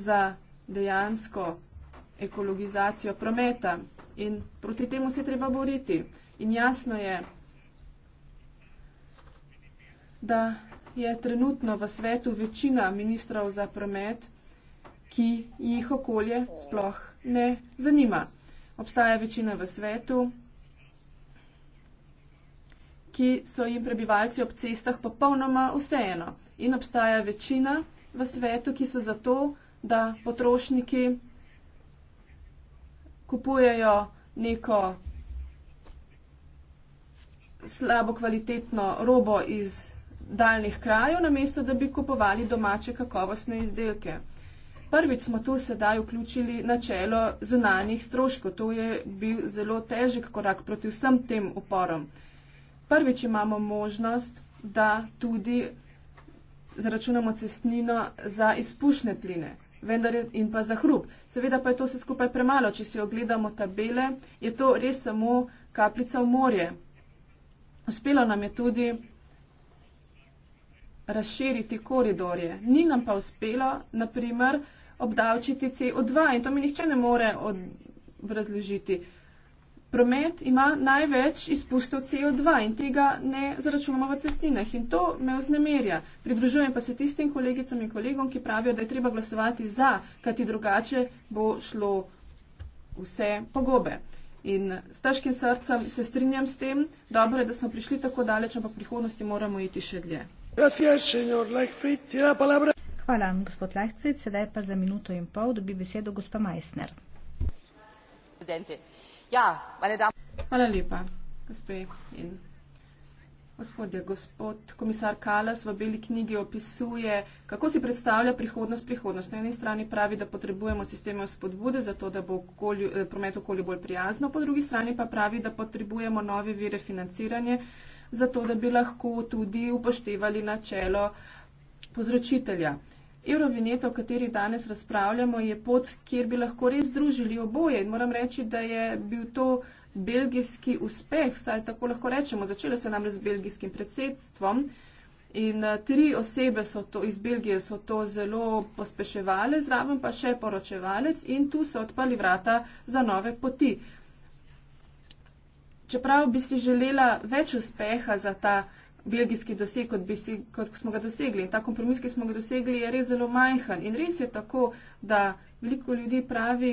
za dejansko ekologizacijo prometa in proti temu se treba boriti. In jasno je, da je trenutno v svetu večina ministrov za promet, ki jih okolje sploh ne zanima. Obstaja večina v svetu, ki so jim prebivalci ob cestah popolnoma vseeno. In obstaja večina v svetu, ki so zato, da potrošniki kupujejo neko slabo kvalitetno robo iz daljnih krajev, namesto da bi kupovali domače kakovostne izdelke. Prvič smo tu sedaj vključili načelo zunanjih stroškov. To je bil zelo težek korak proti vsem tem uporom prvič imamo možnost, da tudi zaračunamo cestnino za izpušne pline vendar in pa za hrup. Seveda pa je to vse skupaj premalo, če si ogledamo tabele, je to res samo kapljica v morje. Uspelo nam je tudi razširiti koridorje. Ni nam pa uspelo, naprimer, obdavčiti CO2 in to mi nihče ne more razložiti. Od... Promet ima največ izpustov CO2 in tega ne zaračunamo v cestninah in to me vznemerja. Pridružujem pa se tistim kolegicam in kolegom, ki pravijo, da je treba glasovati za, kajti drugače bo šlo vse pogobe. In s težkim srcem se strinjam s tem, dobro je, da smo prišli tako daleč, ampak v prihodnosti moramo iti še dlje. Hvala, gospod Lechfried. Sedaj pa za minuto in pol dobi besedo gospa Meissner. Presidente. Ja, Hvala lepa, gospe in gospodje. Gospod komisar Kalas v beli knjigi opisuje, kako si predstavlja prihodnost prihodnost. Na eni strani pravi, da potrebujemo sisteme spodbude za to, da bo okolju, eh, promet okolju bolj prijazno, po drugi strani pa pravi, da potrebujemo nove vire financiranje za to, da bi lahko tudi upoštevali načelo povzročitelja. Eurovineto, o kateri danes razpravljamo, je pot, kjer bi lahko res združili oboje. In moram reči, da je bil to belgijski uspeh, saj tako lahko rečemo. Začelo se namreč z belgijskim predsedstvom in eh, tri osebe to, iz Belgije so to zelo pospeševale, zraven pa še poročevalec in tu so odpali vrata za nove poti. Čeprav bi si želela več uspeha za ta belgijski doseg, kot, bi si, kot smo ga dosegli. In ta kompromis, ki smo ga dosegli, je res zelo majhen. In res je tako, da veliko ljudi pravi,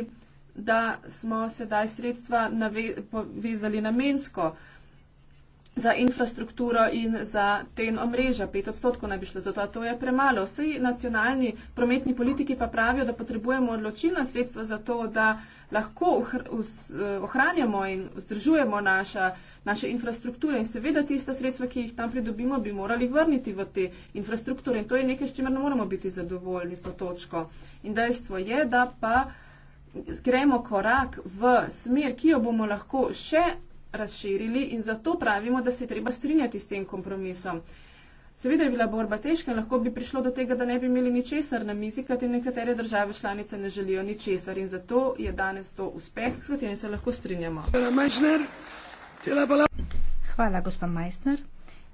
da smo sedaj sredstva nave, povezali namensko. Uh, za infrastrukturo in za ten omrežja. Pet odstotkov naj bi šlo za to, a to je premalo. Vsi nacionalni prometni politiki pa pravijo, da potrebujemo odločilna sredstva za to, da lahko eh, ohranjamo in vzdržujemo naša, naše infrastrukture. In seveda tista sredstva, ki jih tam pridobimo, bi morali vrniti v te infrastrukture. In to je nekaj, s čimer ne moramo biti zadovoljni s to točko. In dejstvo je, da pa gremo korak v smer, ki jo bomo lahko še razširili in zato pravimo, da se je treba strinjati s tem kompromisom. Seveda je bila borba težka in lahko bi prišlo do tega, da ne bi imeli ničesar na mizi, kaj te nekatere države članice ne želijo ničesar in zato je danes to uspeh, s katerim se lahko strinjamo. Hvala, gospod Majsner.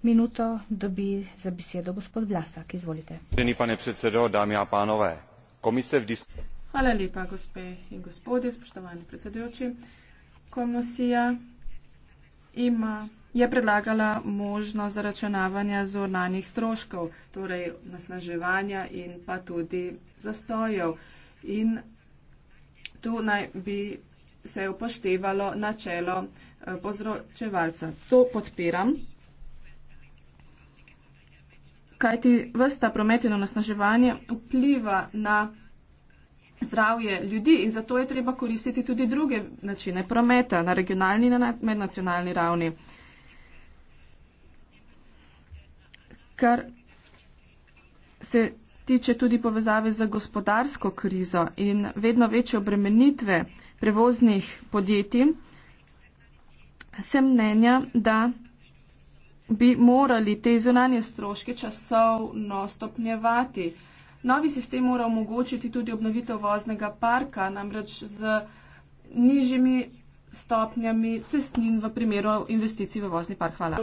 Minuto dobi za besedo gospod Vlasak. Izvolite. Hvala lepa, gospe in gospodje, spoštovani predsedujoči. Komisija ima, je predlagala možnost zaračunavanja zornanih stroškov, torej nasnaževanja in pa tudi zastojev. In tu naj bi se upoštevalo načelo eh, povzročevalca. To podpiram. Kaj ti vrsta prometeno nasnaževanje vpliva na zdravje ljudi in zato je treba koristiti tudi druge načine prometa na regionalni in na mednacionalni ravni. Kar se tiče tudi povezave za gospodarsko krizo in vedno večje obremenitve prevoznih podjetij, sem mnenja, da bi morali te zunanje stroške časovno stopnjevati. Novi sistem mora omogočiti tudi obnovitev voznega parka, namreč z nižjimi stopnjami cestnin v primeru investicij v vozni park. Hvala.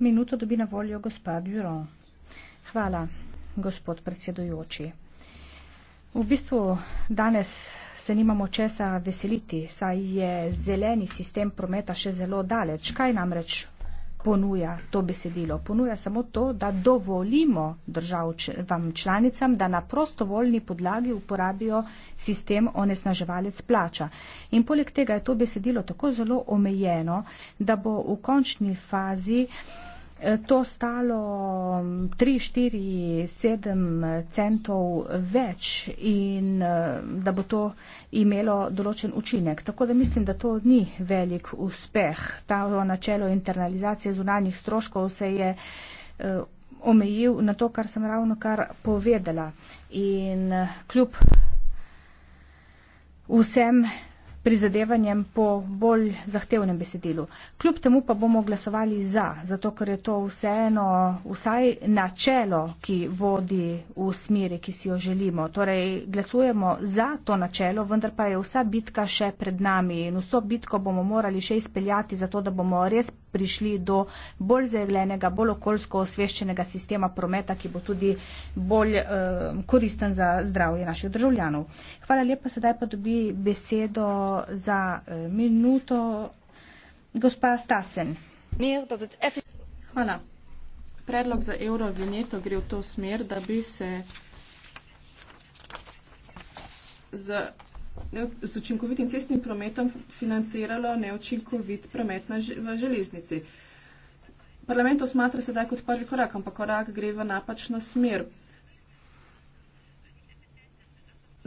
Minuto dobi na voljo gospa Duro. Hvala, gospod predsedujoči. V bistvu danes se nimamo česa veseliti, saj je zeleni sistem prometa še zelo daleč. Kaj namreč ponuja to besedilo. Ponuja samo to, da dovolimo državam članicam, da na prostovoljni podlagi uporabijo sistem onesnaževalec plača. In poleg tega je to besedilo tako zelo omejeno, da bo v končni fazi. Eh, to stalo 3, 4, 7 centov več in eh, da bo to imelo določen učinek. Tako da mislim, da to ni velik uspeh. Ta načelo internalizacije zunanjih stroškov se je eh, omejil na to, kar sem ravno kar povedala. In kljub vsem prizadevanjem po bolj zahtevnem besedilu. Kljub temu pa bomo glasovali za, zato ker je to vseeno vsaj načelo, ki vodi v smeri, ki si jo želimo. Torej, glasujemo za to načelo, vendar pa je vsa bitka še pred nami in vso bitko bomo morali še izpeljati, zato da bomo res prišli do bolj zaglenega, bolj okoljsko osveščenega sistema prometa, ki bo tudi bolj uh, koristen za zdravje naših državljanov. Hvala lepa, sedaj pa dobi besedo za uh, minuto. Gospa Stasen. Hvala. Predlog za eurovineto gre v to smer, da bi se z z učinkovitim cestnim prometom financiralo neučinkovit promet na, v železnici. Parlament to smatra sedaj kot prvi korak, ampak korak gre v napačno smer.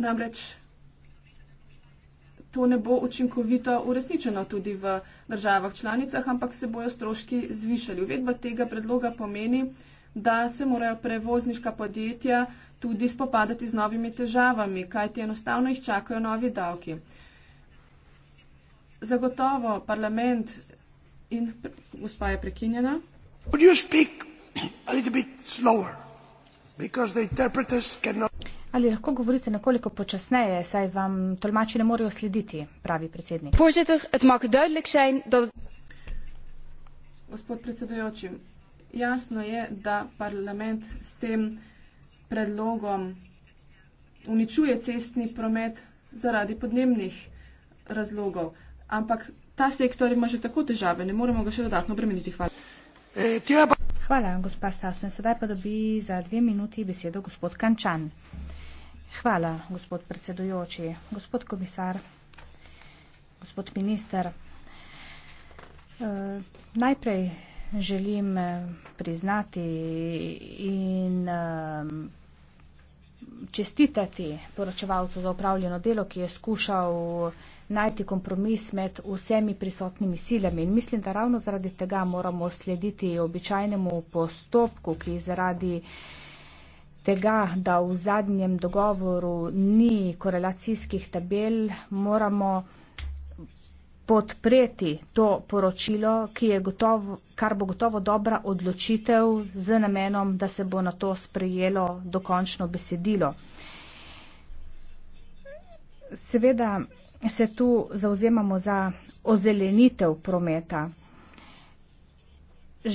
Namreč to ne bo učinkovito uresničeno tudi v državah članicah, ampak se bojo stroški zvišali. Uvedba tega predloga pomeni, da se morajo prevozniška podjetja tudi spopadati z novimi težavami, kajti enostavno jih čakajo novi davki. Zagotovo parlament in gospa je prekinjena. Ali lahko govorite nekoliko počasneje, saj vam tolmači ne morejo slediti, pravi predsednik. Gospod predsedujoči, jasno je, da parlament s tem predlogom uničuje cestni promet zaradi podnebnih razlogov. Ampak ta sektor ima že tako težave, ne moremo ga še dodatno obremeniti. Hvala. Eh, Hvala, gospa Stasen. Sedaj pa dobi za dve minuti besedo gospod Kančan. Hvala, gospod predsedujoči, gospod komisar, gospod minister. Eh, najprej želim eh, priznati in čestitati poročevalcu za upravljeno delo, ki je skušal najti kompromis med vsemi prisotnimi silami. In mislim, da ravno zaradi tega moramo slediti običajnemu postopku, ki zaradi tega, da v zadnjem dogovoru ni korelacijskih tabel, moramo podpreti to poročilo, ki je gotovo, kar bo gotovo dobra odločitev z namenom, da se bo na to sprejelo dokončno besedilo. Seveda se tu zauzemamo za ozelenitev prometa.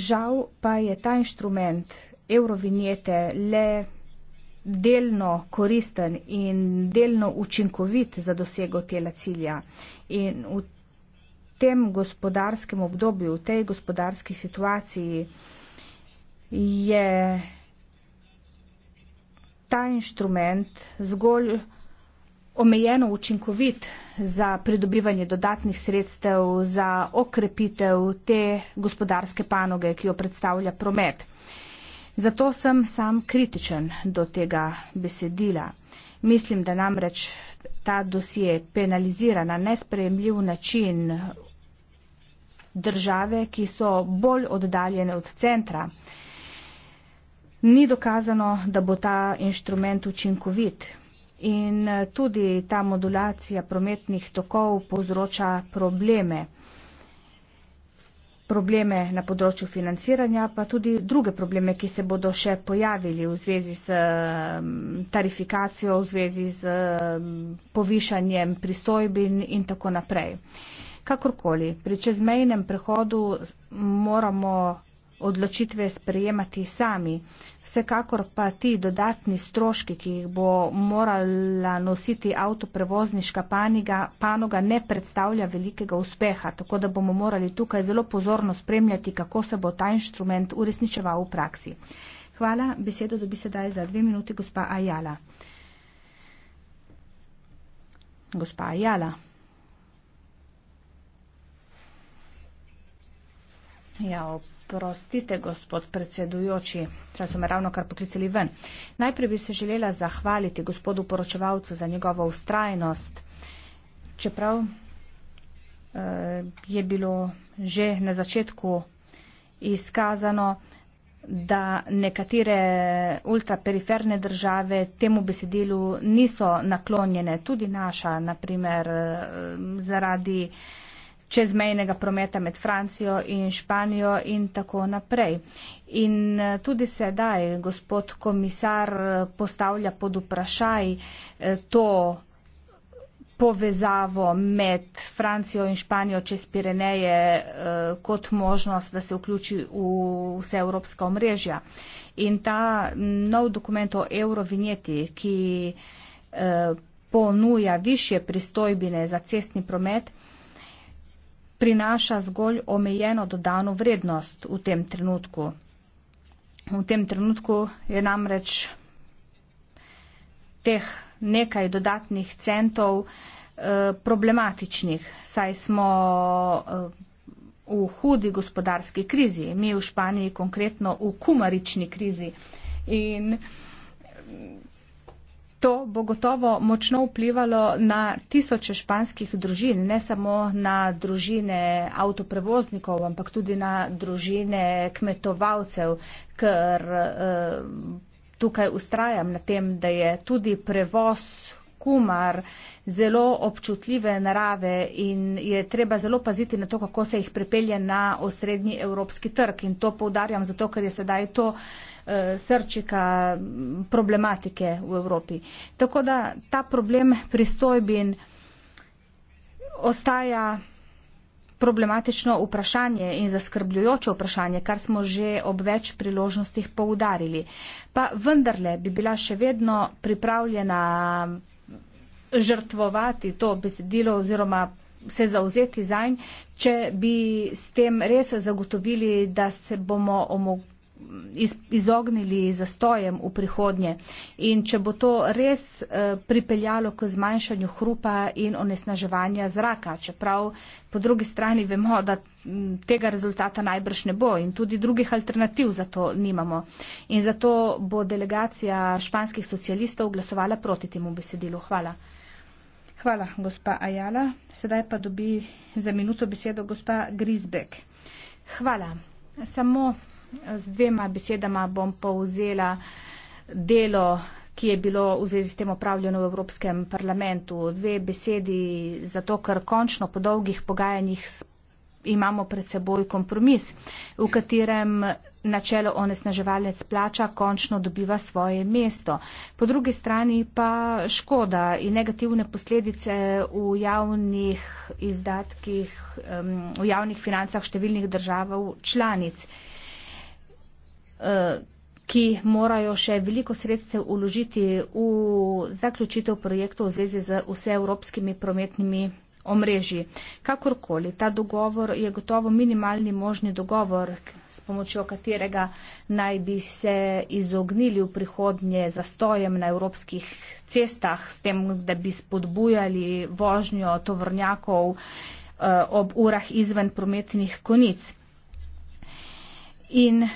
Žal pa je ta inštrument eurovinjete le delno koristen in delno učinkovit za dosego tega cilja. In v tem gospodarskem obdobju, v tej gospodarski situaciji je ta inštrument zgolj omejeno učinkovit za pridobivanje dodatnih sredstev, za okrepitev te gospodarske panoge, ki jo predstavlja promet. Zato sem sam kritičen do tega besedila. Mislim, da namreč ta dosje penalizira na nesprejemljiv način države, ki so bolj oddaljene od centra. Ni dokazano, da bo ta inštrument učinkovit. In eh, tudi ta modulacija prometnih tokov povzroča probleme. Probleme na področju financiranja, pa tudi druge probleme, ki se bodo še pojavili v zvezi s eh, tarifikacijo, v zvezi s eh, povišanjem pristojbin in tako naprej. Kakorkoli, pri čezmejnem prehodu moramo odločitve sprejemati sami. Vsekakor pa ti dodatni stroški, ki jih bo morala nositi avtoprevozniška paniga, panoga, ne predstavlja velikega uspeha, tako da bomo morali tukaj zelo pozorno spremljati, kako se bo ta inštrument uresničeval v praksi. Hvala, besedo dobi sedaj za dve minuti gospa Ajala. Gospa Ajala. Ja, oprostite, gospod predsedujoči, saj so me ravno kar poklicali ven. Najprej bi se želela zahvaliti gospodu poročevalcu za njegovo ustrajnost, čeprav eh, je bilo že na začetku izkazano, da nekatere ultraperiferne države temu besedilu niso naklonjene, tudi naša, naprimer, eh, zaradi eh, čezmejnega prometa med Francijo in Španijo in tako naprej. In eh, tudi sedaj gospod komisar eh, postavlja pod vprašaj eh, to povezavo med Francijo in Španijo čez Pireneje kot možnost, da se vključi v vse evropska omrežja. In ta nov dokument o eurovinjeti, ki ponuja više pristojbine za cestni promet, prinaša zgolj omejeno dodano vrednost v tem trenutku. V tem trenutku je namreč teh nekaj dodatnih centov eh, problematičnih, saj smo eh, v hudi gospodarski krizi, mi v Španiji konkretno v kumarični krizi. In uh, To bo gotovo močno vplivalo na tisoče španskih družin, ne samo na družine avtoprevoznikov, ampak tudi na družine kmetovalcev, ker eh, tukaj ustrajam na tem, da je tudi prevoz kumar zelo občutljive narave in je treba zelo paziti na to, kako se jih prepelje na osrednji evropski trg. In to poudarjam zato, ker je sedaj to Eh, srčika mm, problematike v Evropi. Tako da ta problem pristojbin ostaja problematično vprašanje in zaskrbljujoče vprašanje, kar smo že ob več priložnostih poudarili. Pa vendarle bi bila še vedno pripravljena žrtvovati to besedilo oziroma se zauzeti zanj, če bi s tem res zagotovili, da se bomo omogočili iz, izognili zastojem v prihodnje in če bo to res eh, pripeljalo k zmanjšanju hrupa in onesnaževanja zraka, čeprav po drugi strani vemo, da tega rezultata najbrž ne bo in tudi drugih alternativ za to nimamo. In zato bo delegacija španskih socialistov glasovala proti temu besedilu. Hvala. Hvala, gospa Ajala. Sedaj pa dobi za minuto besedo gospa Grizbek. Hvala. Samo z dvema besedama bom povzela delo, ki je bilo v zvezi s tem opravljeno v Evropskem parlamentu. Dve besedi zato, ker končno po dolgih pogajanjih imamo pred seboj kompromis, v katerem načelo onesnaževalec plača končno dobiva svoje mesto. Po drugi strani pa škoda in negativne posledice v javnih izdatkih, v javnih financah številnih držav članic ki morajo še veliko sredstev uložiti v zaključitev projektov v zvezi z vseevropskimi prometnimi omrežji. Kakorkoli, ta dogovor je gotovo minimalni možni dogovor, s pomočjo katerega naj bi se izognili v prihodnje zastojem na evropskih cestah, s tem, da bi spodbujali vožnjo tovrnjakov eh, ob urah izven prometnih konic. In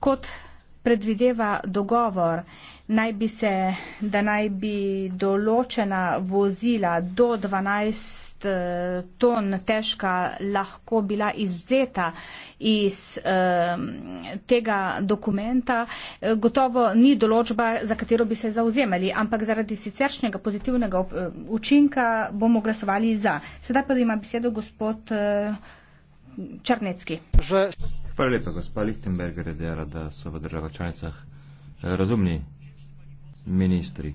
Kot predvideva dogovor, naj bi se, da naj bi določena vozila do 12 eh, ton težka lahko bila izvzeta iz eh, tega dokumenta, eh, gotovo ni določba, za katero bi se zauzemali, ampak zaradi siceršnjega pozitivnega eh, učinka bomo glasovali za. Sedaj pa ima besedo gospod eh, Črnecki. Že... Hvala lepa, gospod Lichtenberger, dejala, da so v državah članicah eh, razumni ministri.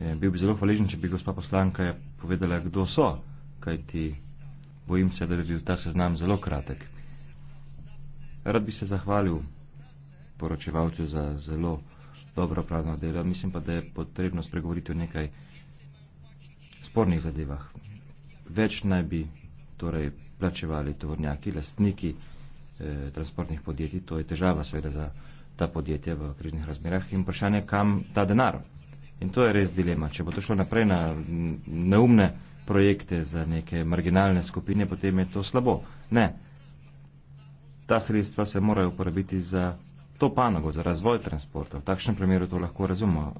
Eh, bil bi zelo hvaležen, če bi gospa poslanka povedala, kdo so, kajti bojim se, da bi bil ta seznam zelo kratek. Rad bi se zahvalil poročevalcu za zelo dobro pravno delo, mislim pa, da je potrebno spregovoriti o nekaj spornih zadevah. Več naj bi torej plačevali tovornjaki, lastniki, eh, transportnih podjetij, to je težava seveda za ta podjetja v križnih razmerah in vprašanje, kam ta denar. In to je res dilema. Če bo to šlo naprej na neumne projekte za neke marginalne skupine, potem je to slabo. Ne. Ta sredstva se morajo uporabiti za to panogo, za razvoj transporta. V takšnem primeru to lahko razumemo.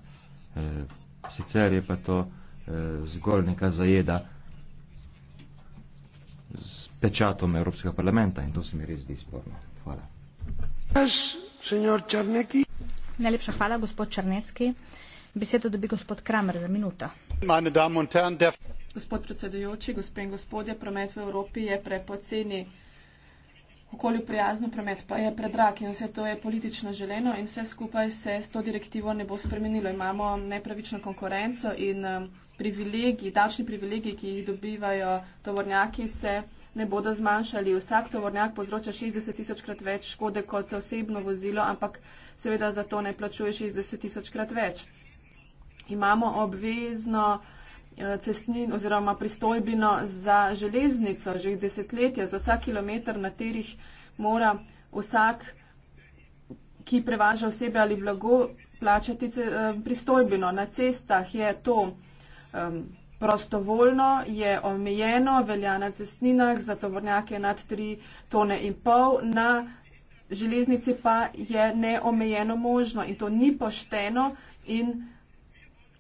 Eh, sicer je pa to eh, zgolj neka zajeda eh, s pečatom Evropskega parlamenta in to se mi res zdi sporno. Hvala. Najlepša hvala, gospod Črnecki. Besedo dobi gospod Kramer za minuto. Gospod predsedujoči, gospe in gospodje, promet v Evropi je prepoceni okolju prijazno promet, pa je predrag in vse to je politično želeno in vse skupaj se s to direktivo ne bo spremenilo. Imamo nepravično konkurenco in eh, privilegij, davčni privilegiji, ki jih dobivajo tovornjaki, se ne bodo zmanjšali. Vsak tovornjak povzroča 60 tisočkrat več škode kot osebno vozilo, ampak seveda za to ne plačuje 60 tisočkrat več. Imamo obvezno Eh, cestnin oziroma pristojbino za železnico že desetletja, za vsak kilometr, na katerih mora vsak, ki prevaža osebe ali blago, plačati eh, pristojbino. Na cestah je to um, prostovoljno, je omejeno, velja na cestninah za tovornjake nad 3 tone in pol, na železnici pa je neomejeno možno in to ni pošteno in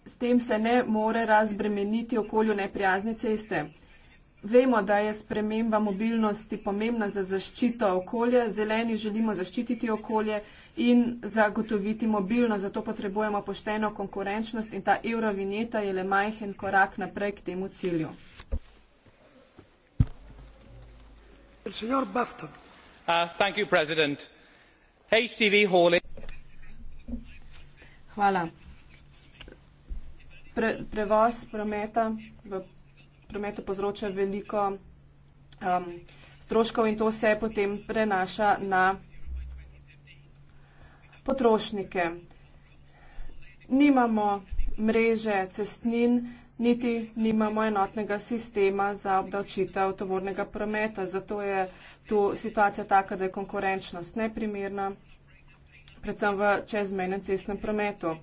s tem se ne more razbremeniti okolju neprijazne ceste. Vemo, da je sprememba mobilnosti pomembna za zaščito okolja, zeleni želimo zaščititi okolje in zagotoviti mobilnost, zato potrebujemo pošteno konkurenčnost in ta eurovinjeta je le majhen korak naprej k temu cilju. Uh, Hvala pre, prevoz prometa v prometu povzroča veliko um, stroškov in to se potem prenaša na potrošnike. Nimamo mreže cestnin, niti nimamo enotnega sistema za obdavčitev tovornega prometa, zato je tu situacija taka, da je konkurenčnost neprimerna, predvsem v čezmenem cestnem prometu.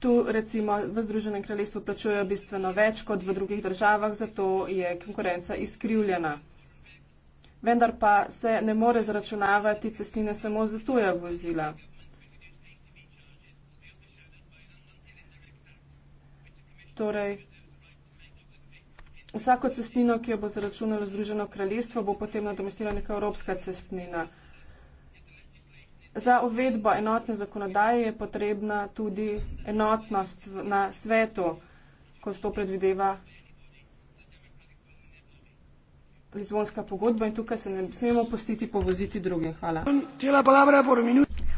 Tu recimo v Združenem kraljestvu plačujejo bistveno več kot v drugih državah, zato je konkurenca izkrivljena. Vendar pa se ne more zaračunavati cestnine samo za tuja vozila. Torej, vsako cestnino, ki jo bo zaračunalo Združeno kraljestvo, bo potem nadomestila neka evropska cestnina. Za uvedbo enotne zakonodaje je potrebna tudi enotnost na svetu, kot to predvideva Lizbonska pogodba in tukaj se ne smemo postiti povoziti drugim. Hvala.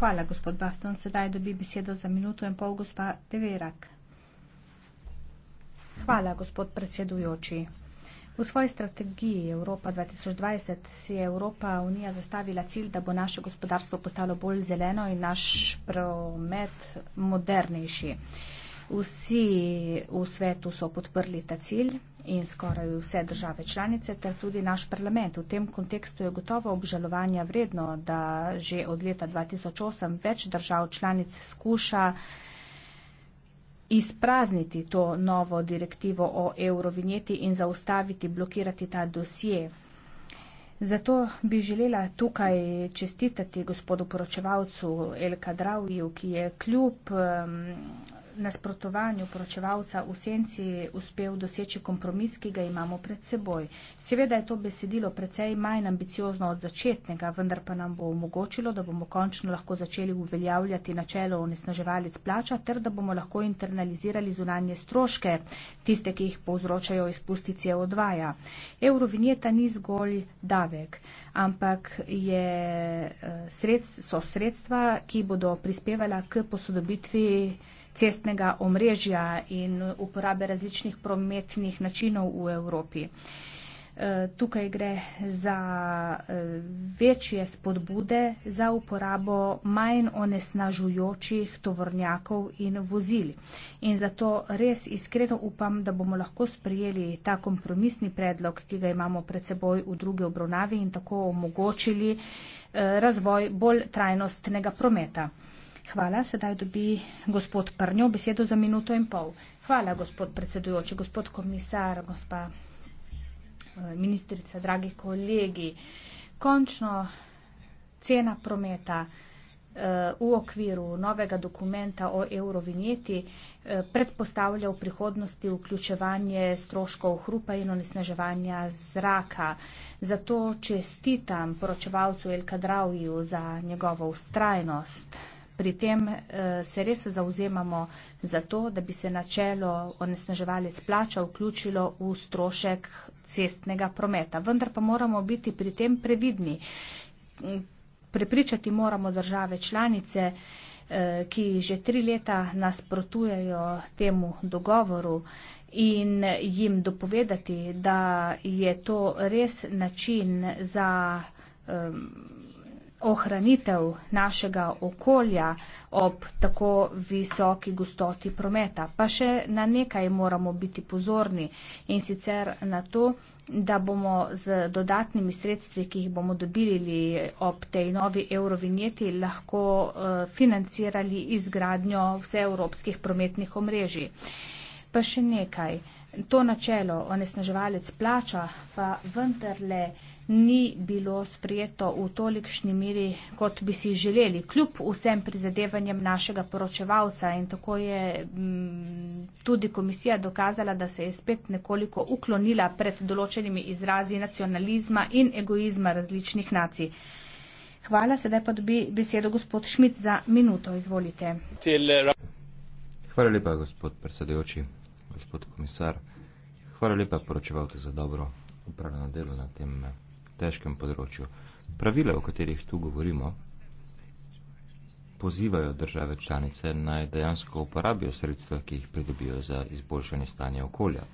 Hvala, gospod Bafton. Sedaj dobi besedo za minuto in pol, gospa Deverak. Hvala, gospod predsedujoči. V svoji strategiji Evropa 2020 si je Evropa unija zastavila cilj, da bo naše gospodarstvo postalo bolj zeleno in naš promet modernejši. Vsi v svetu so podprli ta cilj in skoraj vse države članice, ter tudi naš parlament. V tem kontekstu je gotovo obžalovanja vredno, da že od leta 2008 več držav članic skuša izprazniti to novo direktivo o eurovinjeti in zaustaviti, blokirati ta dosje. Zato bi želela tukaj čestitati gospodu poročevalcu Elka Drauju, ki je kljub um, nasprotovanju poročevalca v senci uspel doseči kompromis, ki ga imamo pred seboj. Seveda je to besedilo precej manj ambiciozno od začetnega, vendar pa nam bo omogočilo, da bomo končno lahko začeli uveljavljati načelo onesnaževalec plača, ter da bomo lahko internalizirali zunanje stroške, tiste, ki jih povzročajo izpusti CO2. -ja. Eurovinjeta ni zgolj davek, ampak je, eh, sredst, so sredstva, ki bodo prispevala k posodobitvi cestnega omrežja in uporabe različnih prometnih načinov v Evropi. E, tukaj gre za e, večje spodbude za uporabo manj onesnažujočih tovornjakov in vozil. In zato res iskreno upam, da bomo lahko sprejeli ta kompromisni predlog, ki ga imamo pred seboj v druge obravnavi in tako omogočili e, razvoj bolj trajnostnega prometa. Hvala. Sedaj dobi gospod Prnjo besedo za minuto in pol. Hvala, gospod predsedujoči, gospod komisar, gospa eh, ministrica, dragi kolegi. Končno cena prometa eh, v okviru novega dokumenta o eurovinjeti eh, predpostavlja v prihodnosti vključevanje stroškov hrupa in onesnaževanja zraka. Zato čestitam poročevalcu Elka Dravju za njegovo ustrajnost Pri tem eh, se res zauzemamo za to, da bi se načelo onesnaževalec plača vključilo v strošek cestnega prometa. Vendar pa moramo biti pri tem previdni. Prepričati moramo države članice, eh, ki že tri leta nasprotujejo temu dogovoru in jim dopovedati, da je to res način za um, ohranitev našega okolja ob tako visoki gostoti prometa. Pa še na nekaj moramo biti pozorni in sicer na to, da bomo z dodatnimi sredstvi, ki jih bomo dobili ob tej novi eurovinjeti, lahko eh, financirali izgradnjo vseevropskih prometnih omrežij. Pa še nekaj. To načelo onesnaževalec plača pa vendarle ni bilo sprejeto v tolikšni miri, kot bi si želeli, kljub vsem prizadevanjem našega poročevalca. In tako je mm, tudi komisija dokazala, da se je spet nekoliko uklonila pred določenimi izrazi nacionalizma in egoizma različnih nacij. Hvala, sedaj pa dobi besedo gospod Šmit za minuto. Izvolite. Hvala lepa, gospod predsedujoči, gospod komisar. Hvala lepa, poročevalke, za dobro upravljeno delo na tem težkem področju. Pravile, o katerih tu govorimo, pozivajo države članice naj dejansko uporabijo sredstva, ki jih pridobijo za izboljšanje stanja okolja.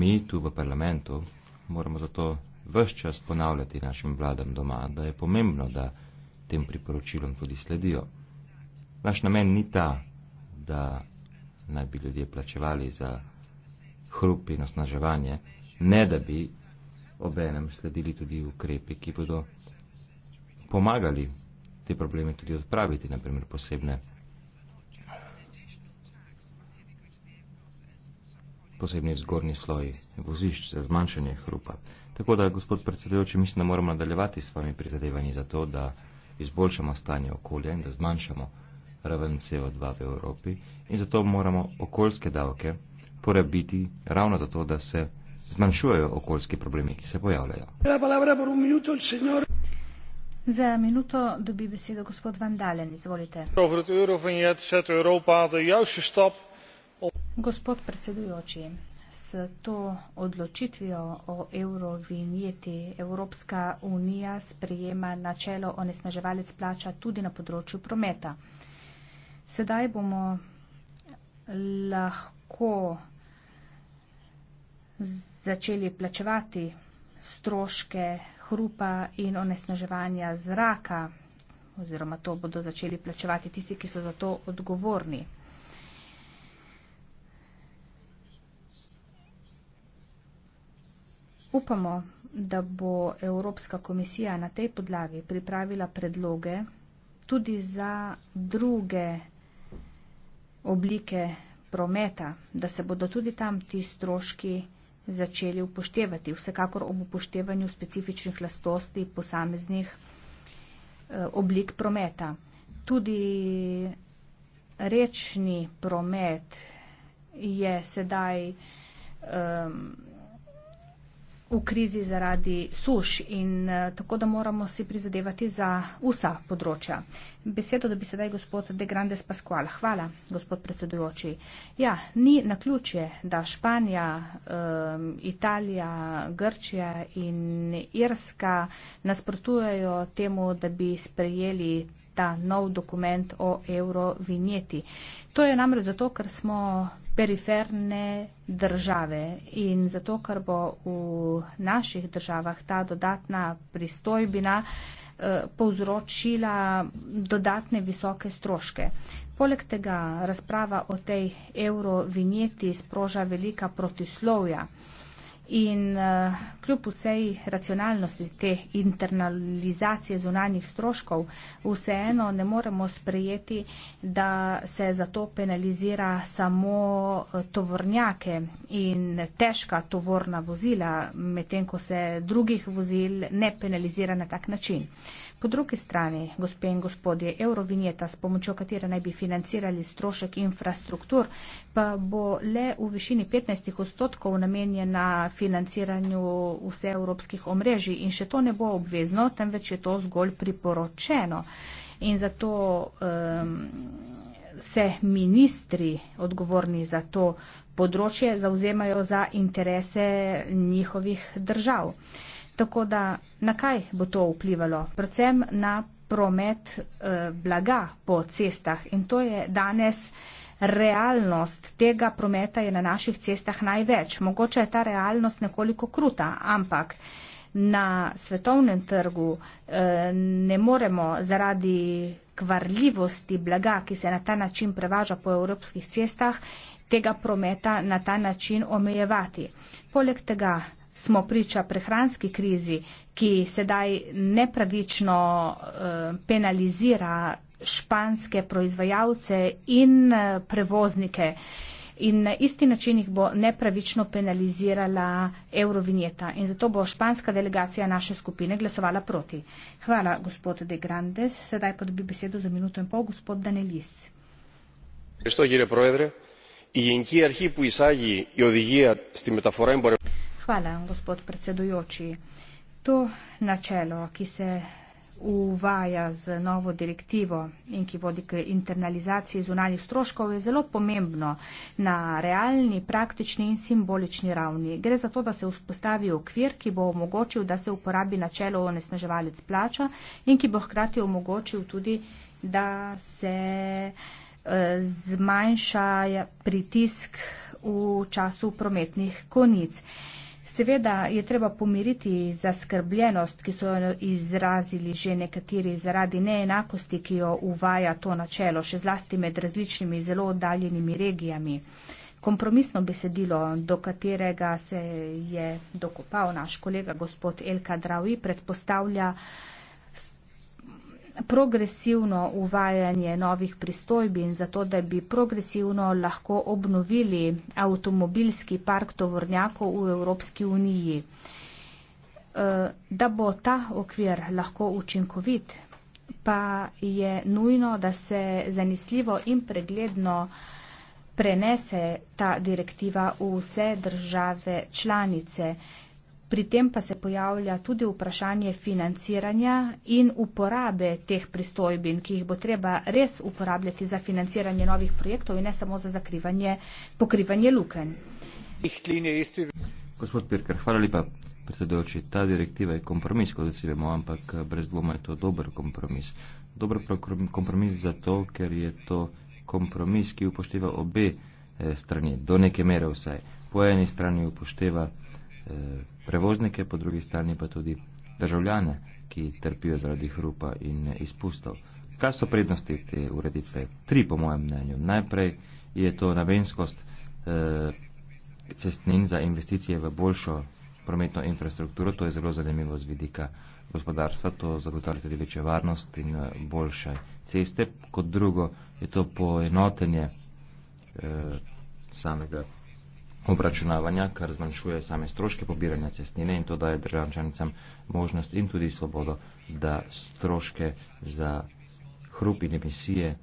Mi tu v parlamentu moramo zato vse čas ponavljati našim vladam doma, da je pomembno, da tem priporočilom tudi sledijo. Naš namen ni ta, da naj bi ljudje plačevali za hrup in osnaževanje, ne da bi obenem sledili tudi ukrepi, ki bodo pomagali te probleme tudi odpraviti, naprimer posebne, posebni zgornji sloj vozišč za zmanjšanje hrupa. Tako da, gospod predsedujoči, mislim, da moramo nadaljevati s vami prizadevanji za to, da izboljšamo stanje okolja in da zmanjšamo raven CO2 v Evropi in zato moramo okoljske davke porabiti ravno zato, da se zmanjšujejo okoljski problemi, ki se pojavljajo. Za minuto dobi besedo gospod Vandalen. Izvolite. Gospod predsedujoči, s to odločitvijo o eurovinjeti Evropska unija sprejema načelo onesnaževalec plača tudi na področju prometa. Sedaj bomo lahko začeli plačevati stroške hrupa in onesnaževanja zraka, oziroma to bodo začeli plačevati tisti, ki so za to odgovorni. Upamo, da bo Evropska komisija na tej podlagi pripravila predloge tudi za druge oblike prometa, da se bodo tudi tam ti stroški začeli upoštevati. Vsekakor ob upoštevanju specifičnih lastnosti posameznih eh, oblik prometa. Tudi rečni promet je sedaj um, v krizi zaradi suš in eh, tako da moramo si prizadevati za vsa področja. Besedo, da bi sedaj gospod De Grandes Pasquale. Hvala, gospod predsedujoči. Ja, ni na ključje, da Španija, ehm, Italija, Grčija in Irska nasprotujejo temu, da bi sprejeli ta nov dokument o evrovinjeti. To je namreč zato, ker smo periferne države in zato, ker bo v naših državah ta dodatna pristojbina eh, povzročila dodatne visoke stroške. Poleg tega razprava o tej evrovinjeti sproža velika protislovja. In uh, kljub vsej racionalnosti te internalizacije zunanjih stroškov, vseeno ne moremo sprejeti, da se za to penalizira samo eh, tovornjake in težka tovorna vozila, medtem ko se drugih vozil ne penalizira na tak način. Po drugi strani, gospe in gospodje, eurovinjeta, s pomočjo katere naj bi financirali strošek infrastruktur, pa bo le v višini 15 odstotkov namenjena financiranju vseevropskih omrežij in še to ne bo obvezno, temveč je to zgolj priporočeno. In zato um, se ministri odgovorni za to področje zauzemajo za interese njihovih držav. Uh, Tako da na kaj bo to vplivalo? Predvsem na promet e, blaga po cestah in to je danes realnost tega prometa je na naših cestah največ. Mogoče je ta realnost nekoliko kruta, ampak na svetovnem trgu e, ne moremo zaradi kvarljivosti blaga, ki se na ta način prevaža po evropskih cestah, tega prometa na ta način omejevati. Poleg tega smo priča prehranski krizi, ki sedaj nepravično penalizira španske proizvajalce in prevoznike. In na isti način jih bo nepravično penalizirala eurovinjeta. In zato bo španska delegacija naše skupine glasovala proti. Hvala, gospod De Grandes. Sedaj pa dobi besedo za minuto in pol, gospod Danelis. Hvala, gospod predsednik. Igenki arhipu izagi in odigija s tim metaforem bore. Hvala, gospod predsedujoči. To načelo, ki se uvaja z novo direktivo in ki vodi k internalizaciji zunanjih stroškov, je zelo pomembno na realni, praktični in simbolični ravni. Gre za to, da se vzpostavi okvir, ki bo omogočil, da se uporabi načelo onesnaževalec plača in ki bo hkrati omogočil tudi, da se eh, zmanjša pritisk v času prometnih konic. Seveda je treba pomiriti zaskrbljenost, ki so jo izrazili že nekateri zaradi neenakosti, ki jo uvaja to načelo, še zlasti med različnimi zelo oddaljenimi regijami. Kompromisno besedilo, do katerega se je dokopal naš kolega gospod Elka Dravi, predpostavlja, progresivno uvajanje novih pristojbin, zato da bi progresivno lahko obnovili avtomobilski park tovornjakov v Evropski uniji. Eh, da bo ta okvir lahko učinkovit, pa je nujno, da se zanesljivo in pregledno prenese ta direktiva v vse države članice. Pri tem pa se pojavlja tudi vprašanje financiranja in uporabe teh pristojbin, ki jih bo treba res uporabljati za financiranje novih projektov in ne samo za zakrivanje, pokrivanje luken. Gospod Pirker, hvala lepa, predsedujoči. Ta direktiva je kompromis, kot vsi vemo, ampak eh, brez dvoma je to dober kompromis. Dober kompromis zato, ker je to kompromis, ki upošteva obe eh, strani, do neke mere vsaj. Po eni strani upošteva. Eh, prevoznike, po drugi strani pa tudi državljane, ki trpijo zaradi hrupa in izpustov. Kaj so prednosti te ureditve? Tri, po mojem mnenju. Najprej je to namenskost eh, cestnin za investicije v boljšo prometno infrastrukturo, to je zelo zanimivo z vidika gospodarstva, to zagotavlja tudi večjo varnost in eh, boljše ceste. Kot drugo je to poenotenje eh, samega obračunavanja, kar zmanjšuje same stroške pobiranja cestnine in to daje državam članicam možnost in tudi svobodo, da stroške za hrup in emisije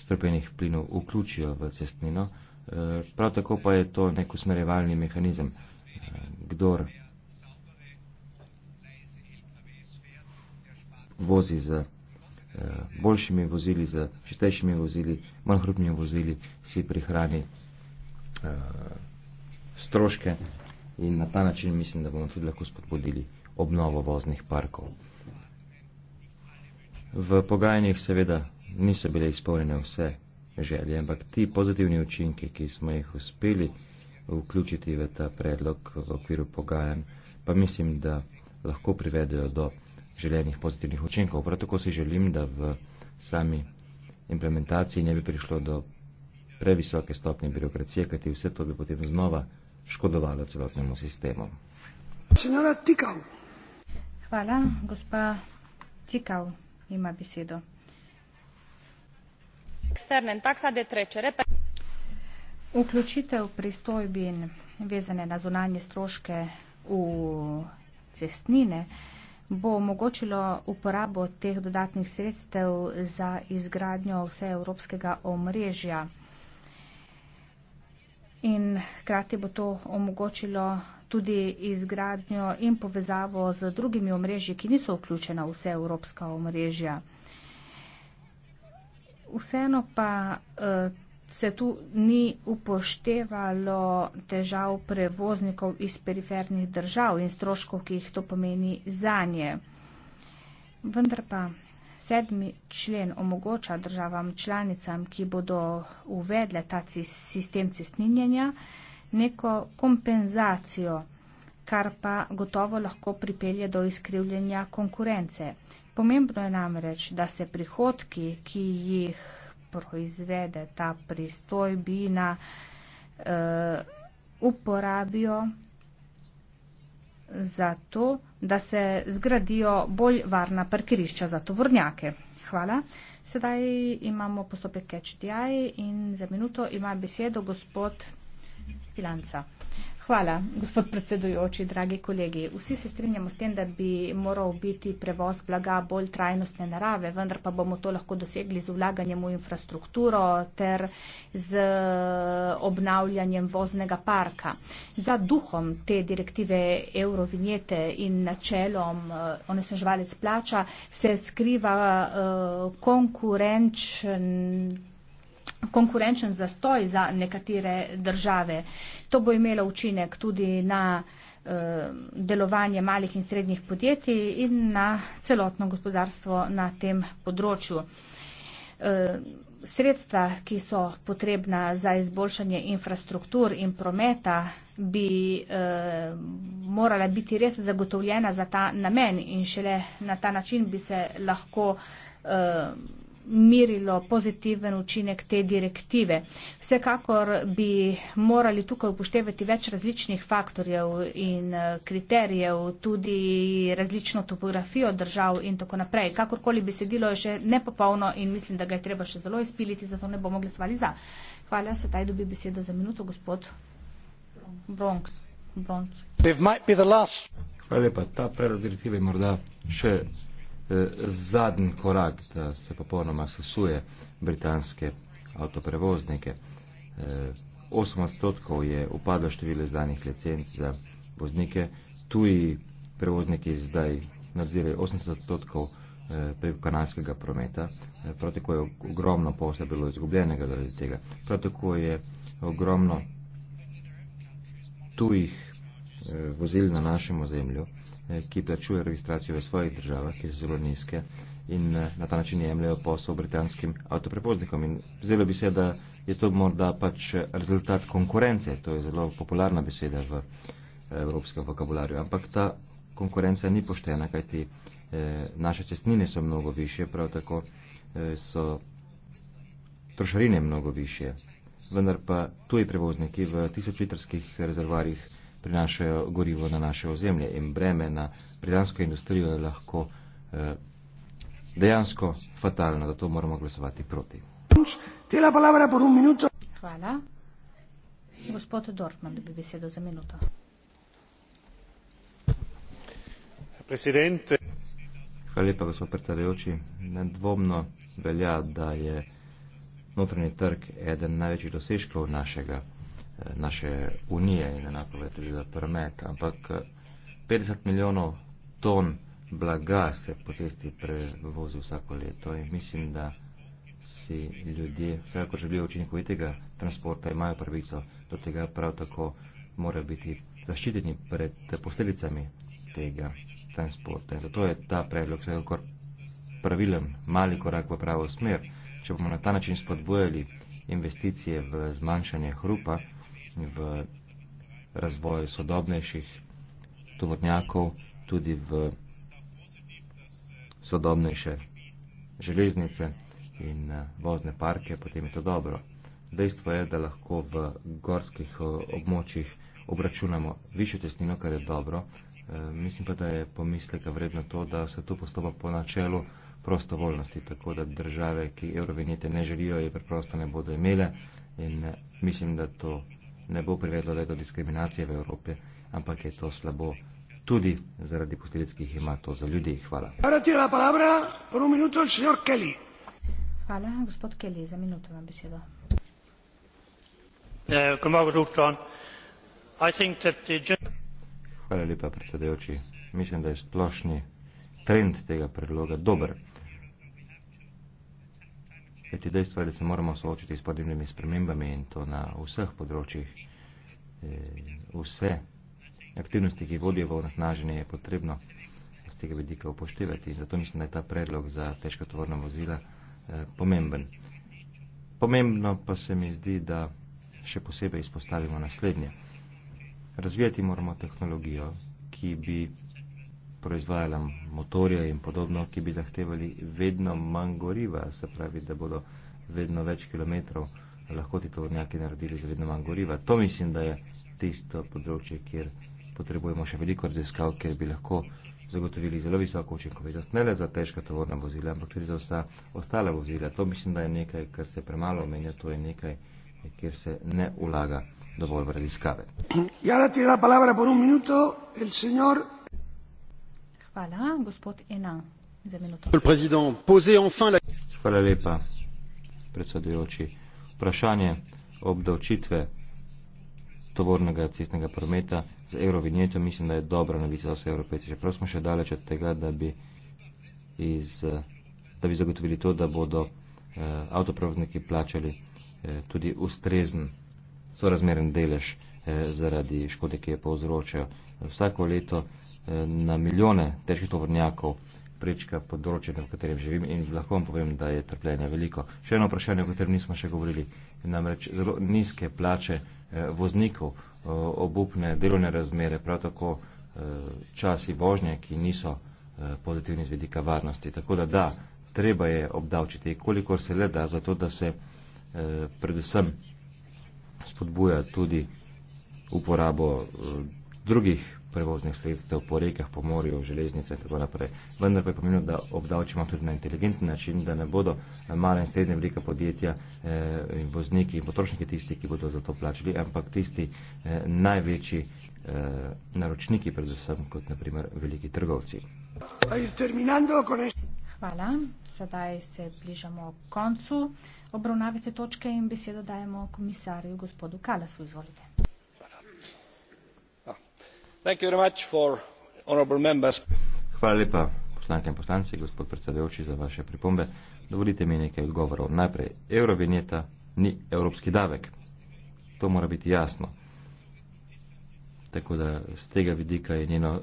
strupenih plinov vključijo v cestnino. Eh, prav tako pa je to nek usmerjevalni mehanizem, eh, kdor vozi z eh, boljšimi vozili, z čistejšimi vozili, manj hrupnimi vozili, si prihrani stroške in na ta način mislim, da bomo tudi lahko spodbudili obnovo voznih parkov. V pogajanjih seveda niso bile izpolnjene vse želje, ampak ti pozitivni učinki, ki smo jih uspeli vključiti v ta predlog v okviru pogajan, pa mislim, da lahko privedejo do želenih pozitivnih učinkov. Prav tako si želim, da v sami implementaciji ne bi prišlo do previsoke stopnje birokracije, kajti vse to bi potem znova škodovala celotnemu sistemu. Senora Tikal. Hvala, gospa Tikal ima besedo. Eksternen taksa de trečere. Vključitev pristojbin vezane na zunanje stroške v cestnine bo omogočilo uporabo teh dodatnih sredstev za izgradnjo vseevropskega omrežja in hkrati bo to omogočilo tudi izgradnjo in povezavo z drugimi omrežji, ki niso vključena vse evropska omrežja. Vseeno pa eh, se tu ni upoštevalo težav prevoznikov iz perifernih držav in stroškov, ki jih to pomeni za nje. Vendar pa Sedmi člen omogoča državam članicam, ki bodo uvedle ta sistem cestninjenja, neko kompenzacijo, kar pa gotovo lahko pripelje do izkrivljenja konkurence. Pomembno je namreč, da se prihodki, ki jih proizvede ta pristojbina, eh, uporabijo za to, da se zgradijo bolj varna parkirišča za tovornjake. Hvala. Sedaj imamo postopek HDI in za minuto ima besedo gospod Filanca. Hvala, gospod predsedujoči, dragi kolegi. Vsi se strinjamo s tem, da bi moral biti prevoz blaga bolj trajnostne narave, vendar pa bomo to lahko dosegli z vlaganjem v infrastrukturo ter z eh, obnavljanjem voznega parka. Za duhom te direktive Eurovinjete in načelom eh, onesnaževalec plača se skriva eh, konkurenčen konkurenčen zastoj za nekatere države. To bo imelo učinek tudi na eh, delovanje malih in srednjih podjetij in na celotno gospodarstvo na tem področju. Eh, sredstva, ki so potrebna za izboljšanje infrastruktur in prometa, bi eh, morala biti res zagotovljena za ta namen in šele na ta način bi se lahko merilo pozitiven učinek te direktive. Vsekakor bi morali tukaj upoštevati več različnih faktorjev in eh, kriterijev, tudi različno topografijo držav in tako naprej. Kakorkoli bi sedilo je še nepopolno in mislim, da ga je treba še zelo izpiliti, zato ne bomo glasovali za. Hvala, se taj dobi besedo za minuto, gospod Bronx. Bronx. Hvala lepa, ta predlog direktive morda še Eh, zadnji korak, da se popolnoma sesuje britanske avtoprevoznike. 8 eh, odstotkov je upadlo število izdanih licenc za voznike. Tuji prevozniki zdaj nadzirajo 80 odstotkov eh, preko kanadskega prometa. Prav tako je ogromno posla bilo izgubljenega zaradi tega. Prav tako je ogromno tujih Eh, vozil na našem ozemlju, eh, ki plačuje registracijo v svojih državah, ki so zelo nizke in eh, na ta način jemljajo posel britanskim avtoprevoznikom. In zdelo bi se, da je to morda pač rezultat konkurence, to je zelo popularna beseda v evropskem vokabularju, ampak ta konkurenca ni poštena, kajti naše cestnine so mnogo više, prav tako so trošarine mnogo više. Vendar pa tuji prevozniki v tisočlitrskih rezervarjih prinašajo gorivo na naše ozemlje in breme na britansko industrijo je lahko eh, dejansko fatalno, zato moramo glasovati proti. Hvala. Gospod Dortmund, bi besedo za minuto. Presidente. Hvala lepa, gospod predsedujoči. Nedvomno velja, da je notranji trg eden največjih dosežkov našega naše unije in enako je tudi za promet, ampak 50 eh, milijonov ton blaga se po cesti prevozi vsako leto in mislim, da si ljudje, vsekakor želijo učinkovitega transporta, imajo pravico do tega, prav tako mora biti zaščiteni pred posledicami tega transporta. In zato je ta predlog vsekakor pravilen mali korak v pravo smer. Če bomo na ta način spodbujali investicije v zmanjšanje hrupa, v razvoju sodobnejših tovornjakov, tudi v sodobnejše železnice in eh, vozne parke, potem je to dobro. Dejstvo je, da lahko v gorskih eh, območjih obračunamo više testnino, kar je dobro. Eh, mislim pa, da je pomisleka vredno to, da se tu postopa po načelu prostovoljnosti, tako da države, ki eurovinjete ne želijo, je preprosto ne bodo imele in mislim, da to ne bo privedlo le do diskriminacije v Evropi, ampak je to slabo tudi zaradi posledic, ki jih ima to za ljudi. Hvala. Hvala, gospod Kelly, za minuto vam besedo. Eh, Hvala lepa, predsedujoči. Mislim, da je splošni trend tega predloga dober je tudi dejstvo, da se moramo soočiti s podnebnimi spremembami in to na vseh področjih. Eh, vse aktivnosti, ki vodijo v onesnaženje, je potrebno z tega vidika upoštevati. Zato mislim, da je ta predlog za težko tovorna vozila eh, pomemben. Pomembno pa se mi zdi, da še posebej izpostavimo naslednje. Razvijati moramo tehnologijo, ki bi proizvajala motorje in podobno, ki bi zahtevali vedno manj goriva, se pravi, da bodo vedno več kilometrov lahko ti tovornjaki naredili za vedno manj goriva. To mislim, da je tisto področje, kjer potrebujemo še veliko raziskav, kjer bi lahko zagotovili zelo visoko učinkovitost, ne le za težka tovorna vozila, ampak tudi za vsa ostala vozila. To mislim, da je nekaj, kar se premalo omenja, to je nekaj, kjer se ne vlaga dovolj v raziskave. Ja, da ti da palavra por un minuto, el señor Hvala, gospod Enan. Hvala lepa, predsedujoči. Vprašanje obdavčitve tovornega cestnega prometa z eurovinjeto, mislim, da je dobra novica za vse evropejce. Čeprav smo še daleč od tega, da bi, iz, da bi zagotovili to, da bodo eh, avtoprovodniki plačali eh, tudi ustrezen, sorazmeren delež eh, zaradi škode, ki je povzročajo vsako leto eh, na milijone težkih tovornjakov prečka področje, na katerem živim in lahko vam povem, da je trpljenje veliko. Še eno vprašanje, o katerem nismo še govorili, je namreč zelo nizke plače eh, voznikov, eh, obupne delovne razmere, prav tako časi vožnje, ki niso pozitivni z vidika varnosti. Tako da da, treba je obdavčiti, kolikor se le da, zato da se predvsem spodbuja tudi uporabo drugih prevoznih sredstev po rekah, po morju, železnice in tako naprej. Vendar pa je pomenilo, da obdavčimo tudi na inteligenten način, da ne bodo eh, mala in srednja velika podjetja eh, in vozniki in potrošniki tisti, ki bodo za to plačali, ampak tisti eh, največji eh, naročniki, predvsem kot naprimer veliki trgovci. Hvala, sedaj se bližamo koncu obravnave te točke in besedo dajemo komisarju gospodu Kalasu. Izvolite. Hvala lepa poslanke in poslanci, gospod predsedujoči, za vaše pripombe. Dovolite mi nekaj odgovorov. Najprej, eurovinjeta ni evropski davek. To mora biti jasno. Tako da z tega vidika je njeno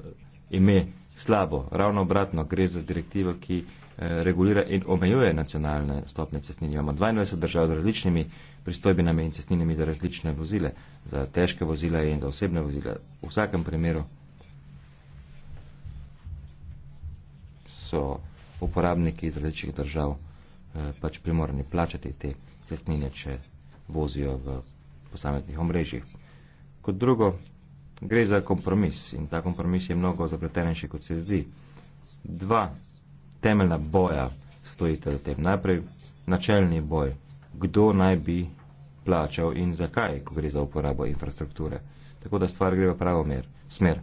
ime slabo. Ravno obratno, gre za direktivo, ki eh, regulira in omejuje nacionalne stopnje cestnine. Imamo 22 držav z različnimi eh, pristojbinami in cestninami za različne vozile, za težke vozile in za osebne vozile. V vsakem primeru so uporabniki iz različnih držav eh, pač primorani plačati te cestnine, če vozijo v posameznih omrežjih. Kot drugo, gre za kompromis in ta kompromis je mnogo zapletenejši, kot se zdi. Dva temeljna boja stojite za tem. Najprej načelni boj kdo naj bi plačal in zakaj, ko gre za uporabo infrastrukture. Tako da stvar gre v pravo mer, smer.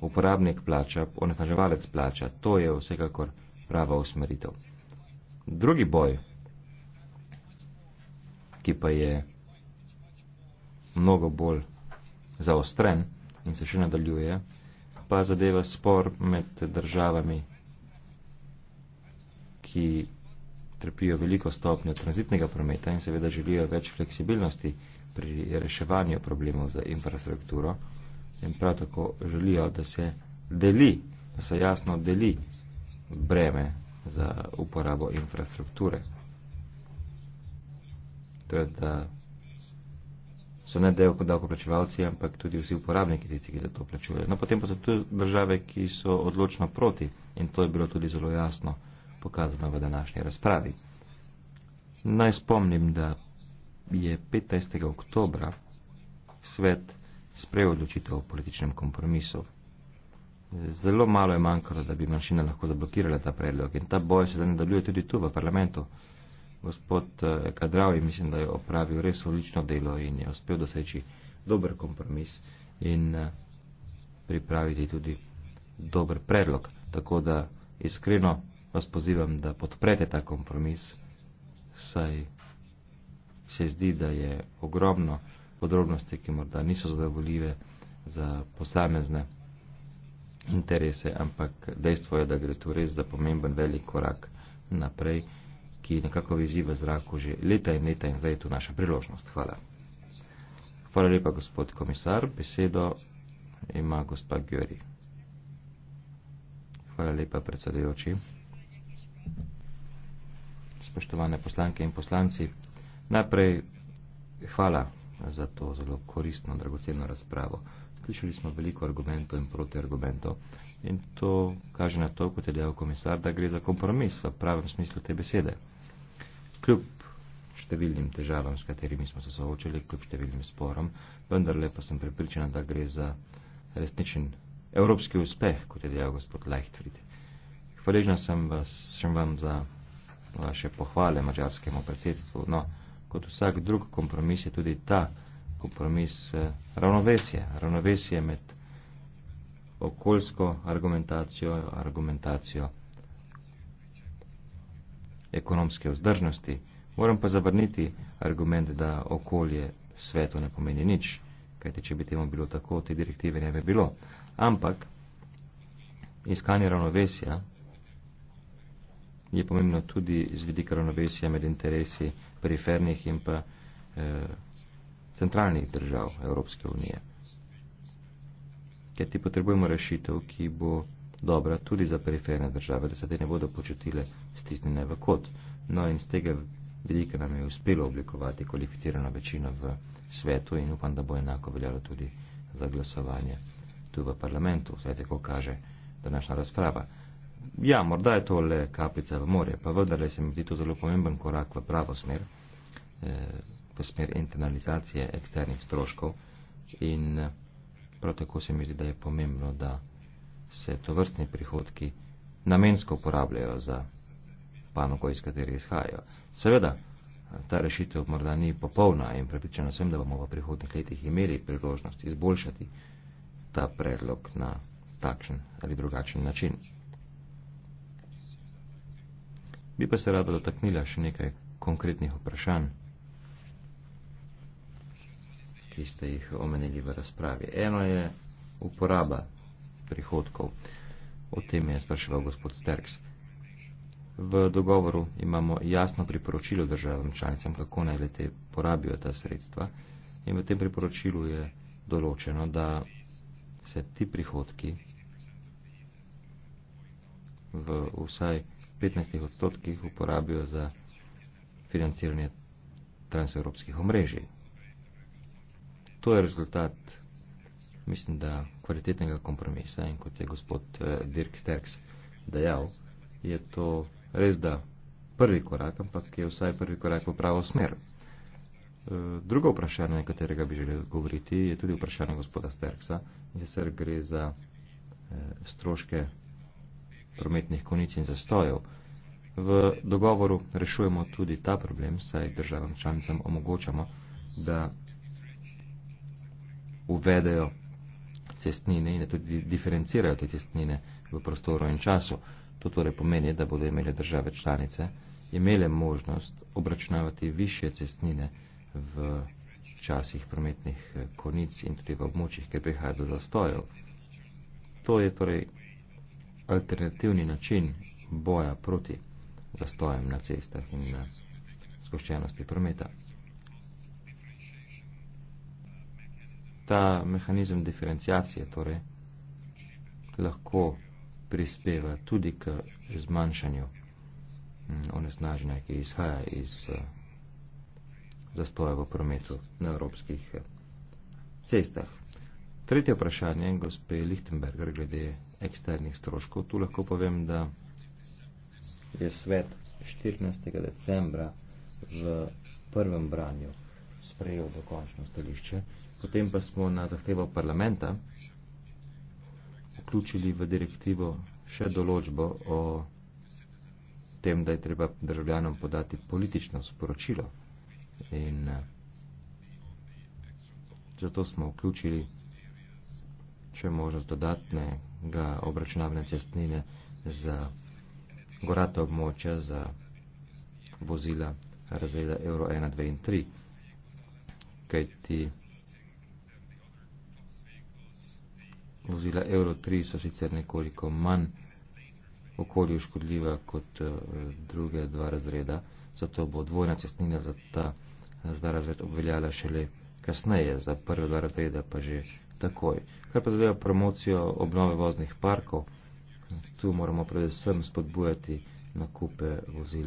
Uporabnik plača, onesnaževalec plača. To je vsekakor prava usmeritev. Drugi boj, ki pa je mnogo bolj zaostren in se še nadaljuje, pa zadeva spor med državami, ki trpijo veliko stopnjo tranzitnega prometa in seveda želijo več fleksibilnosti pri reševanju problemov za infrastrukturo in prav tako želijo, da se deli, da se jasno deli breme za uporabo infrastrukture. Torej, da so ne del kot davkoplačevalci, ampak tudi vsi uporabniki tisti, ki za to plačujejo. No, potem pa so tu države, ki so odločno proti in to je bilo tudi zelo jasno pokazano v današnji razpravi. Naj spomnim, da je 15. oktobra svet sprejel odločitev o političnem kompromisu. Zelo malo je manjkalo, da bi manjšina lahko zablokirala ta predlog in ta boj se da nadaljuje tudi tu v parlamentu. Gospod eh, Kadravi mislim, da je opravil res odlično delo in je uspel doseči dober kompromis in eh, pripraviti tudi dober predlog. Tako da iskreno vas pozivam, da podprete ta kompromis, saj se zdi, da je ogromno podrobnosti, ki morda niso zadovoljive za posamezne interese, ampak dejstvo je, da gre tu res za pomemben velik korak naprej, ki nekako vizi v zraku že leta in leta in zdaj je tu naša priložnost. Hvala. Hvala lepa, gospod komisar. Besedo ima gospod Gjori. Hvala lepa, predsedujoči. Spoštovane poslanke in poslanci, najprej hvala za to zelo koristno, dragoceno razpravo. Slišali smo veliko argumentov in protiargumentov in to kaže na to, kot je dejal komisar, da gre za kompromis v pravem smislu te besede. Kljub številnim težavam, s katerimi smo se soočili, kljub številnim sporom, vendar lepa sem pripričana, da gre za resničen evropski uspeh, kot je dejal gospod Leichtfried. Hvaležen sem vas, sem vam za vaše pohvale mačarskemu predsedstvu. No, kot vsak drug kompromis je tudi ta kompromis eh, ravnovesje. Ravnovesje med okoljsko argumentacijo, argumentacijo ekonomske vzdržnosti. Moram pa zavrniti argument, da okolje svetu ne pomeni nič, kajte če bi temu bilo tako, te direktive ne bi bilo. Ampak iskanje ravnovesja je pomembno tudi z vidika ravnovesja med interesi perifernih in pa eh, centralnih držav Evropske unije. Ker ti potrebujemo rešitev, ki bo dobra tudi za periferne države, da se te ne bodo počutile stisnjene v kot. No in z tega vidika nam je uspelo oblikovati kvalificirano večino v svetu in upam, da bo enako veljalo tudi za glasovanje tu v parlamentu, vsaj tako kaže današnja razprava. Ja, morda je to le kapica v morje, pa vendar se mi zdi to zelo pomemben korak v pravo smer, eh, v smer internalizacije eksternih stroškov in eh, prav tako se mi zdi, da je pomembno, da se to vrstni prihodki namensko uporabljajo za panogo, iz katerih izhajajo. Seveda, ta rešitev morda ni popolna in prepričana sem, da bomo v prihodnih letih imeli priložnost izboljšati ta predlog na takšen ali drugačen način. Bi pa se rada dotaknila še nekaj konkretnih vprašanj, ki ste jih omenili v razpravi. Eno je uporaba prihodkov. O tem je spraševal gospod Sterks. V dogovoru imamo jasno priporočilo državam članicam, kako naj le te porabijo ta sredstva. In v tem priporočilu je določeno, da se ti prihodki v vsaj 15 odstotkih uporabijo za financiranje transevropskih omrežij. To je rezultat, mislim, da kvalitetnega kompromisa in kot je gospod eh, Dirk Sterks dejal, je to res da prvi korak, ampak je vsaj prvi korak v pravo smer. Eh, drugo vprašanje, na katerega bi želel govoriti, je tudi vprašanje gospoda Sterksa in sicer gre za eh, stroške prometnih konic in zastojev. V dogovoru rešujemo tudi ta problem, saj državam članicam omogočamo, da uvedejo cestnine in da tudi diferencirajo te cestnine v prostoru in času. To torej pomeni, da bodo imele države članice imele možnost obračunavati više cestnine v časih prometnih eh, konic in tudi v območjih, kjer prihaja do zastojev. To je torej alternativni način boja proti zastojem na cestah in na skoščenosti prometa. Ta mehanizem diferencijacije torej lahko prispeva tudi k zmanjšanju mm, onesnaženja, ki izhaja iz eh, zastoja v prometu na evropskih eh, cestah. Tretje vprašanje, gospe Lichtenberger, glede eksternih stroškov. Tu lahko povem, da je svet 14. decembra v prvem branju sprejel dokončno stališče. Potem pa smo na zahtevo parlamenta vključili v direktivo še določbo o tem, da je treba državljanom podati politično sporočilo. In eh, zato smo vključili će možnost dodatne ga obračunavne cestnine za gorata območja za vozila razreda Euro 1, 2 in 3. Kajti vozila Euro 3 so sicer nekoliko manj okolju škodljiva kot eh, druge dva razreda, zato bo dvojna cestnina za ta zdaj razred obveljala šele kasneje, za prve dva razreda pa že takoj. Kar pa zadeva promocijo obnove voznih parkov, tu moramo predvsem spodbujati nakupe vozil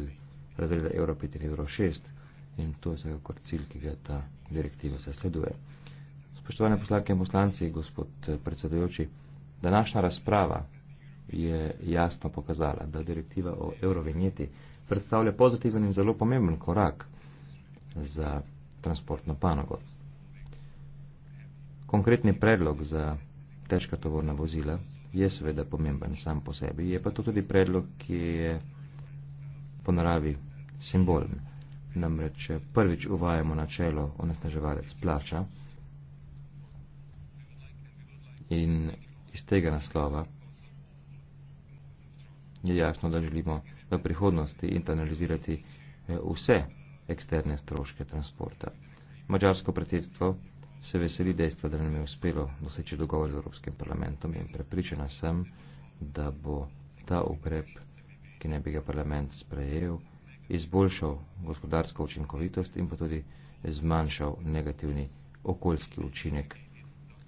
razreda Euro 5 in Euro 6 in to je vsekakor cilj, ki ga ta direktiva zasleduje. Spoštovane poslanke in poslanci, gospod eh, predsedujoči, današnja razprava je jasno pokazala, da direktiva o eurovinjeti predstavlja pozitiven in zelo pomemben korak za transportno panogo. Konkretni predlog za težka tovorna vozila je seveda pomemben sam po sebi, je pa to tudi predlog, ki je po naravi simbolen. Namreč prvič uvajamo načelo onesnaževalec plača in iz tega naslova je jasno, da želimo v prihodnosti internalizirati eh, vse eksterne stroške transporta. Mačarsko predsedstvo se veseli dejstva, da nam je uspelo doseči dogovor z Evropskim parlamentom in prepričana sem, da bo ta ukrep, ki ne bi ga parlament sprejel, izboljšal gospodarsko učinkovitost in pa tudi zmanjšal negativni okoljski učinek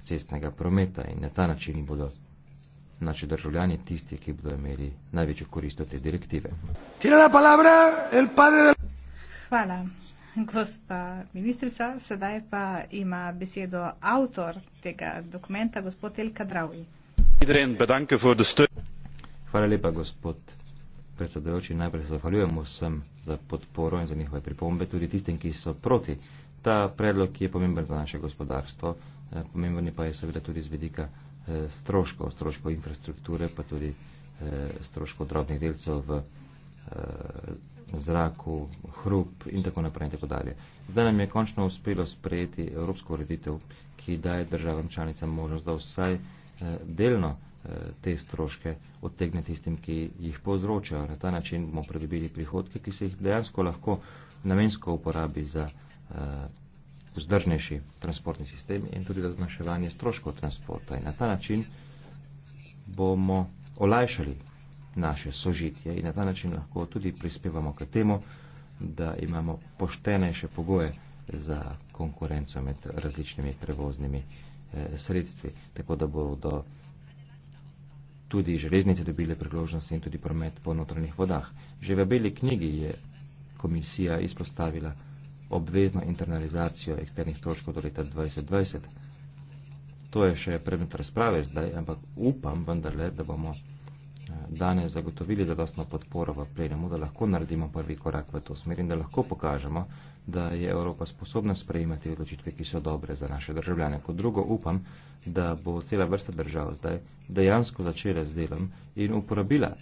cestnega prometa in na ta način bodo naši državljani tisti, ki bodo imeli največjo korist od te direktive. Hvala gospa ministrica, sedaj pa ima besedo avtor tega dokumenta, gospod Elka Dravi. Hvala lepa, gospod predsedujoči. Najprej se zahvaljujemo vsem za podporo in za njihove pripombe, tudi tistim, ki so proti. Ta predlog je pomemben za naše gospodarstvo, eh, pomemben pa je seveda tudi z vidika eh, stroškov, stroškov infrastrukture, pa tudi eh, stroškov drobnih delcev v. Eh, zraku, hrup in tako naprej in tako dalje. Zdaj nam je končno uspelo sprejeti evropsko ureditev, ki daje državam članicam možnost, da vsaj eh, delno eh, te stroške odtegne tistim, ki jih povzročajo. Na ta način bomo pridobili prihodke, ki se jih dejansko lahko namensko uporabi za vzdržnejši transportni sistem in tudi za zmanjševanje stroškov transporta. In na ta način bomo olajšali naše sožitje in na ta način lahko tudi prispevamo k temu, da imamo poštenejše pogoje za konkurenco med različnimi prevoznimi eh, sredstvi, tako da bodo tudi železnice dobile priložnost in tudi promet po notranjih vodah. Že v beli knjigi je komisija izpostavila obvezno internalizacijo eksternih stroškov do leta 2020. To je še predmet razprave zdaj, ampak upam vendarle, da bomo danes zagotovili zadostno podporo v plenumu, da lahko naredimo prvi korak v to smer in da lahko pokažemo, da je Evropa sposobna sprejemati odločitve, ki so dobre za naše državljane. Kot drugo upam, da bo cela vrsta držav zdaj dejansko začela z delom in uporabila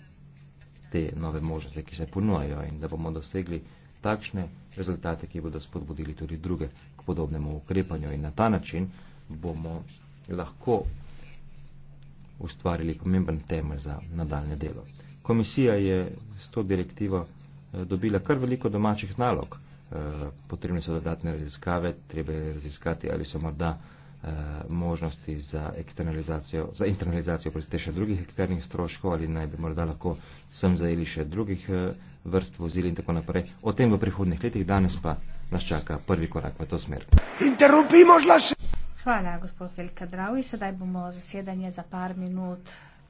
te nove možnosti, ki se ponujajo in da bomo dosegli takšne rezultate, ki bodo spodbudili tudi druge k podobnemu ukrepanju in na ta način bomo lahko ustvarili pomemben temelj za nadaljne delo. Komisija je s to direktivo eh, dobila kar veliko domačih nalog. Eh, potrebne so dodatne raziskave, treba je raziskati, ali so morda eh, možnosti za, za internalizacijo, prostite še drugih eksternih stroškov, ali naj bi morda lahko sem zajeli še drugih vrst vozil in tako naprej. O tem v prihodnih letih, danes pa nas čaka prvi korak v to smer. Interrumpimo žlase! Hvala, gospod Velika Dravi. Sedaj bomo zasedanje za par minut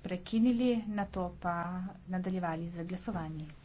prekinili, na to pa nadaljevali z glasovanjem.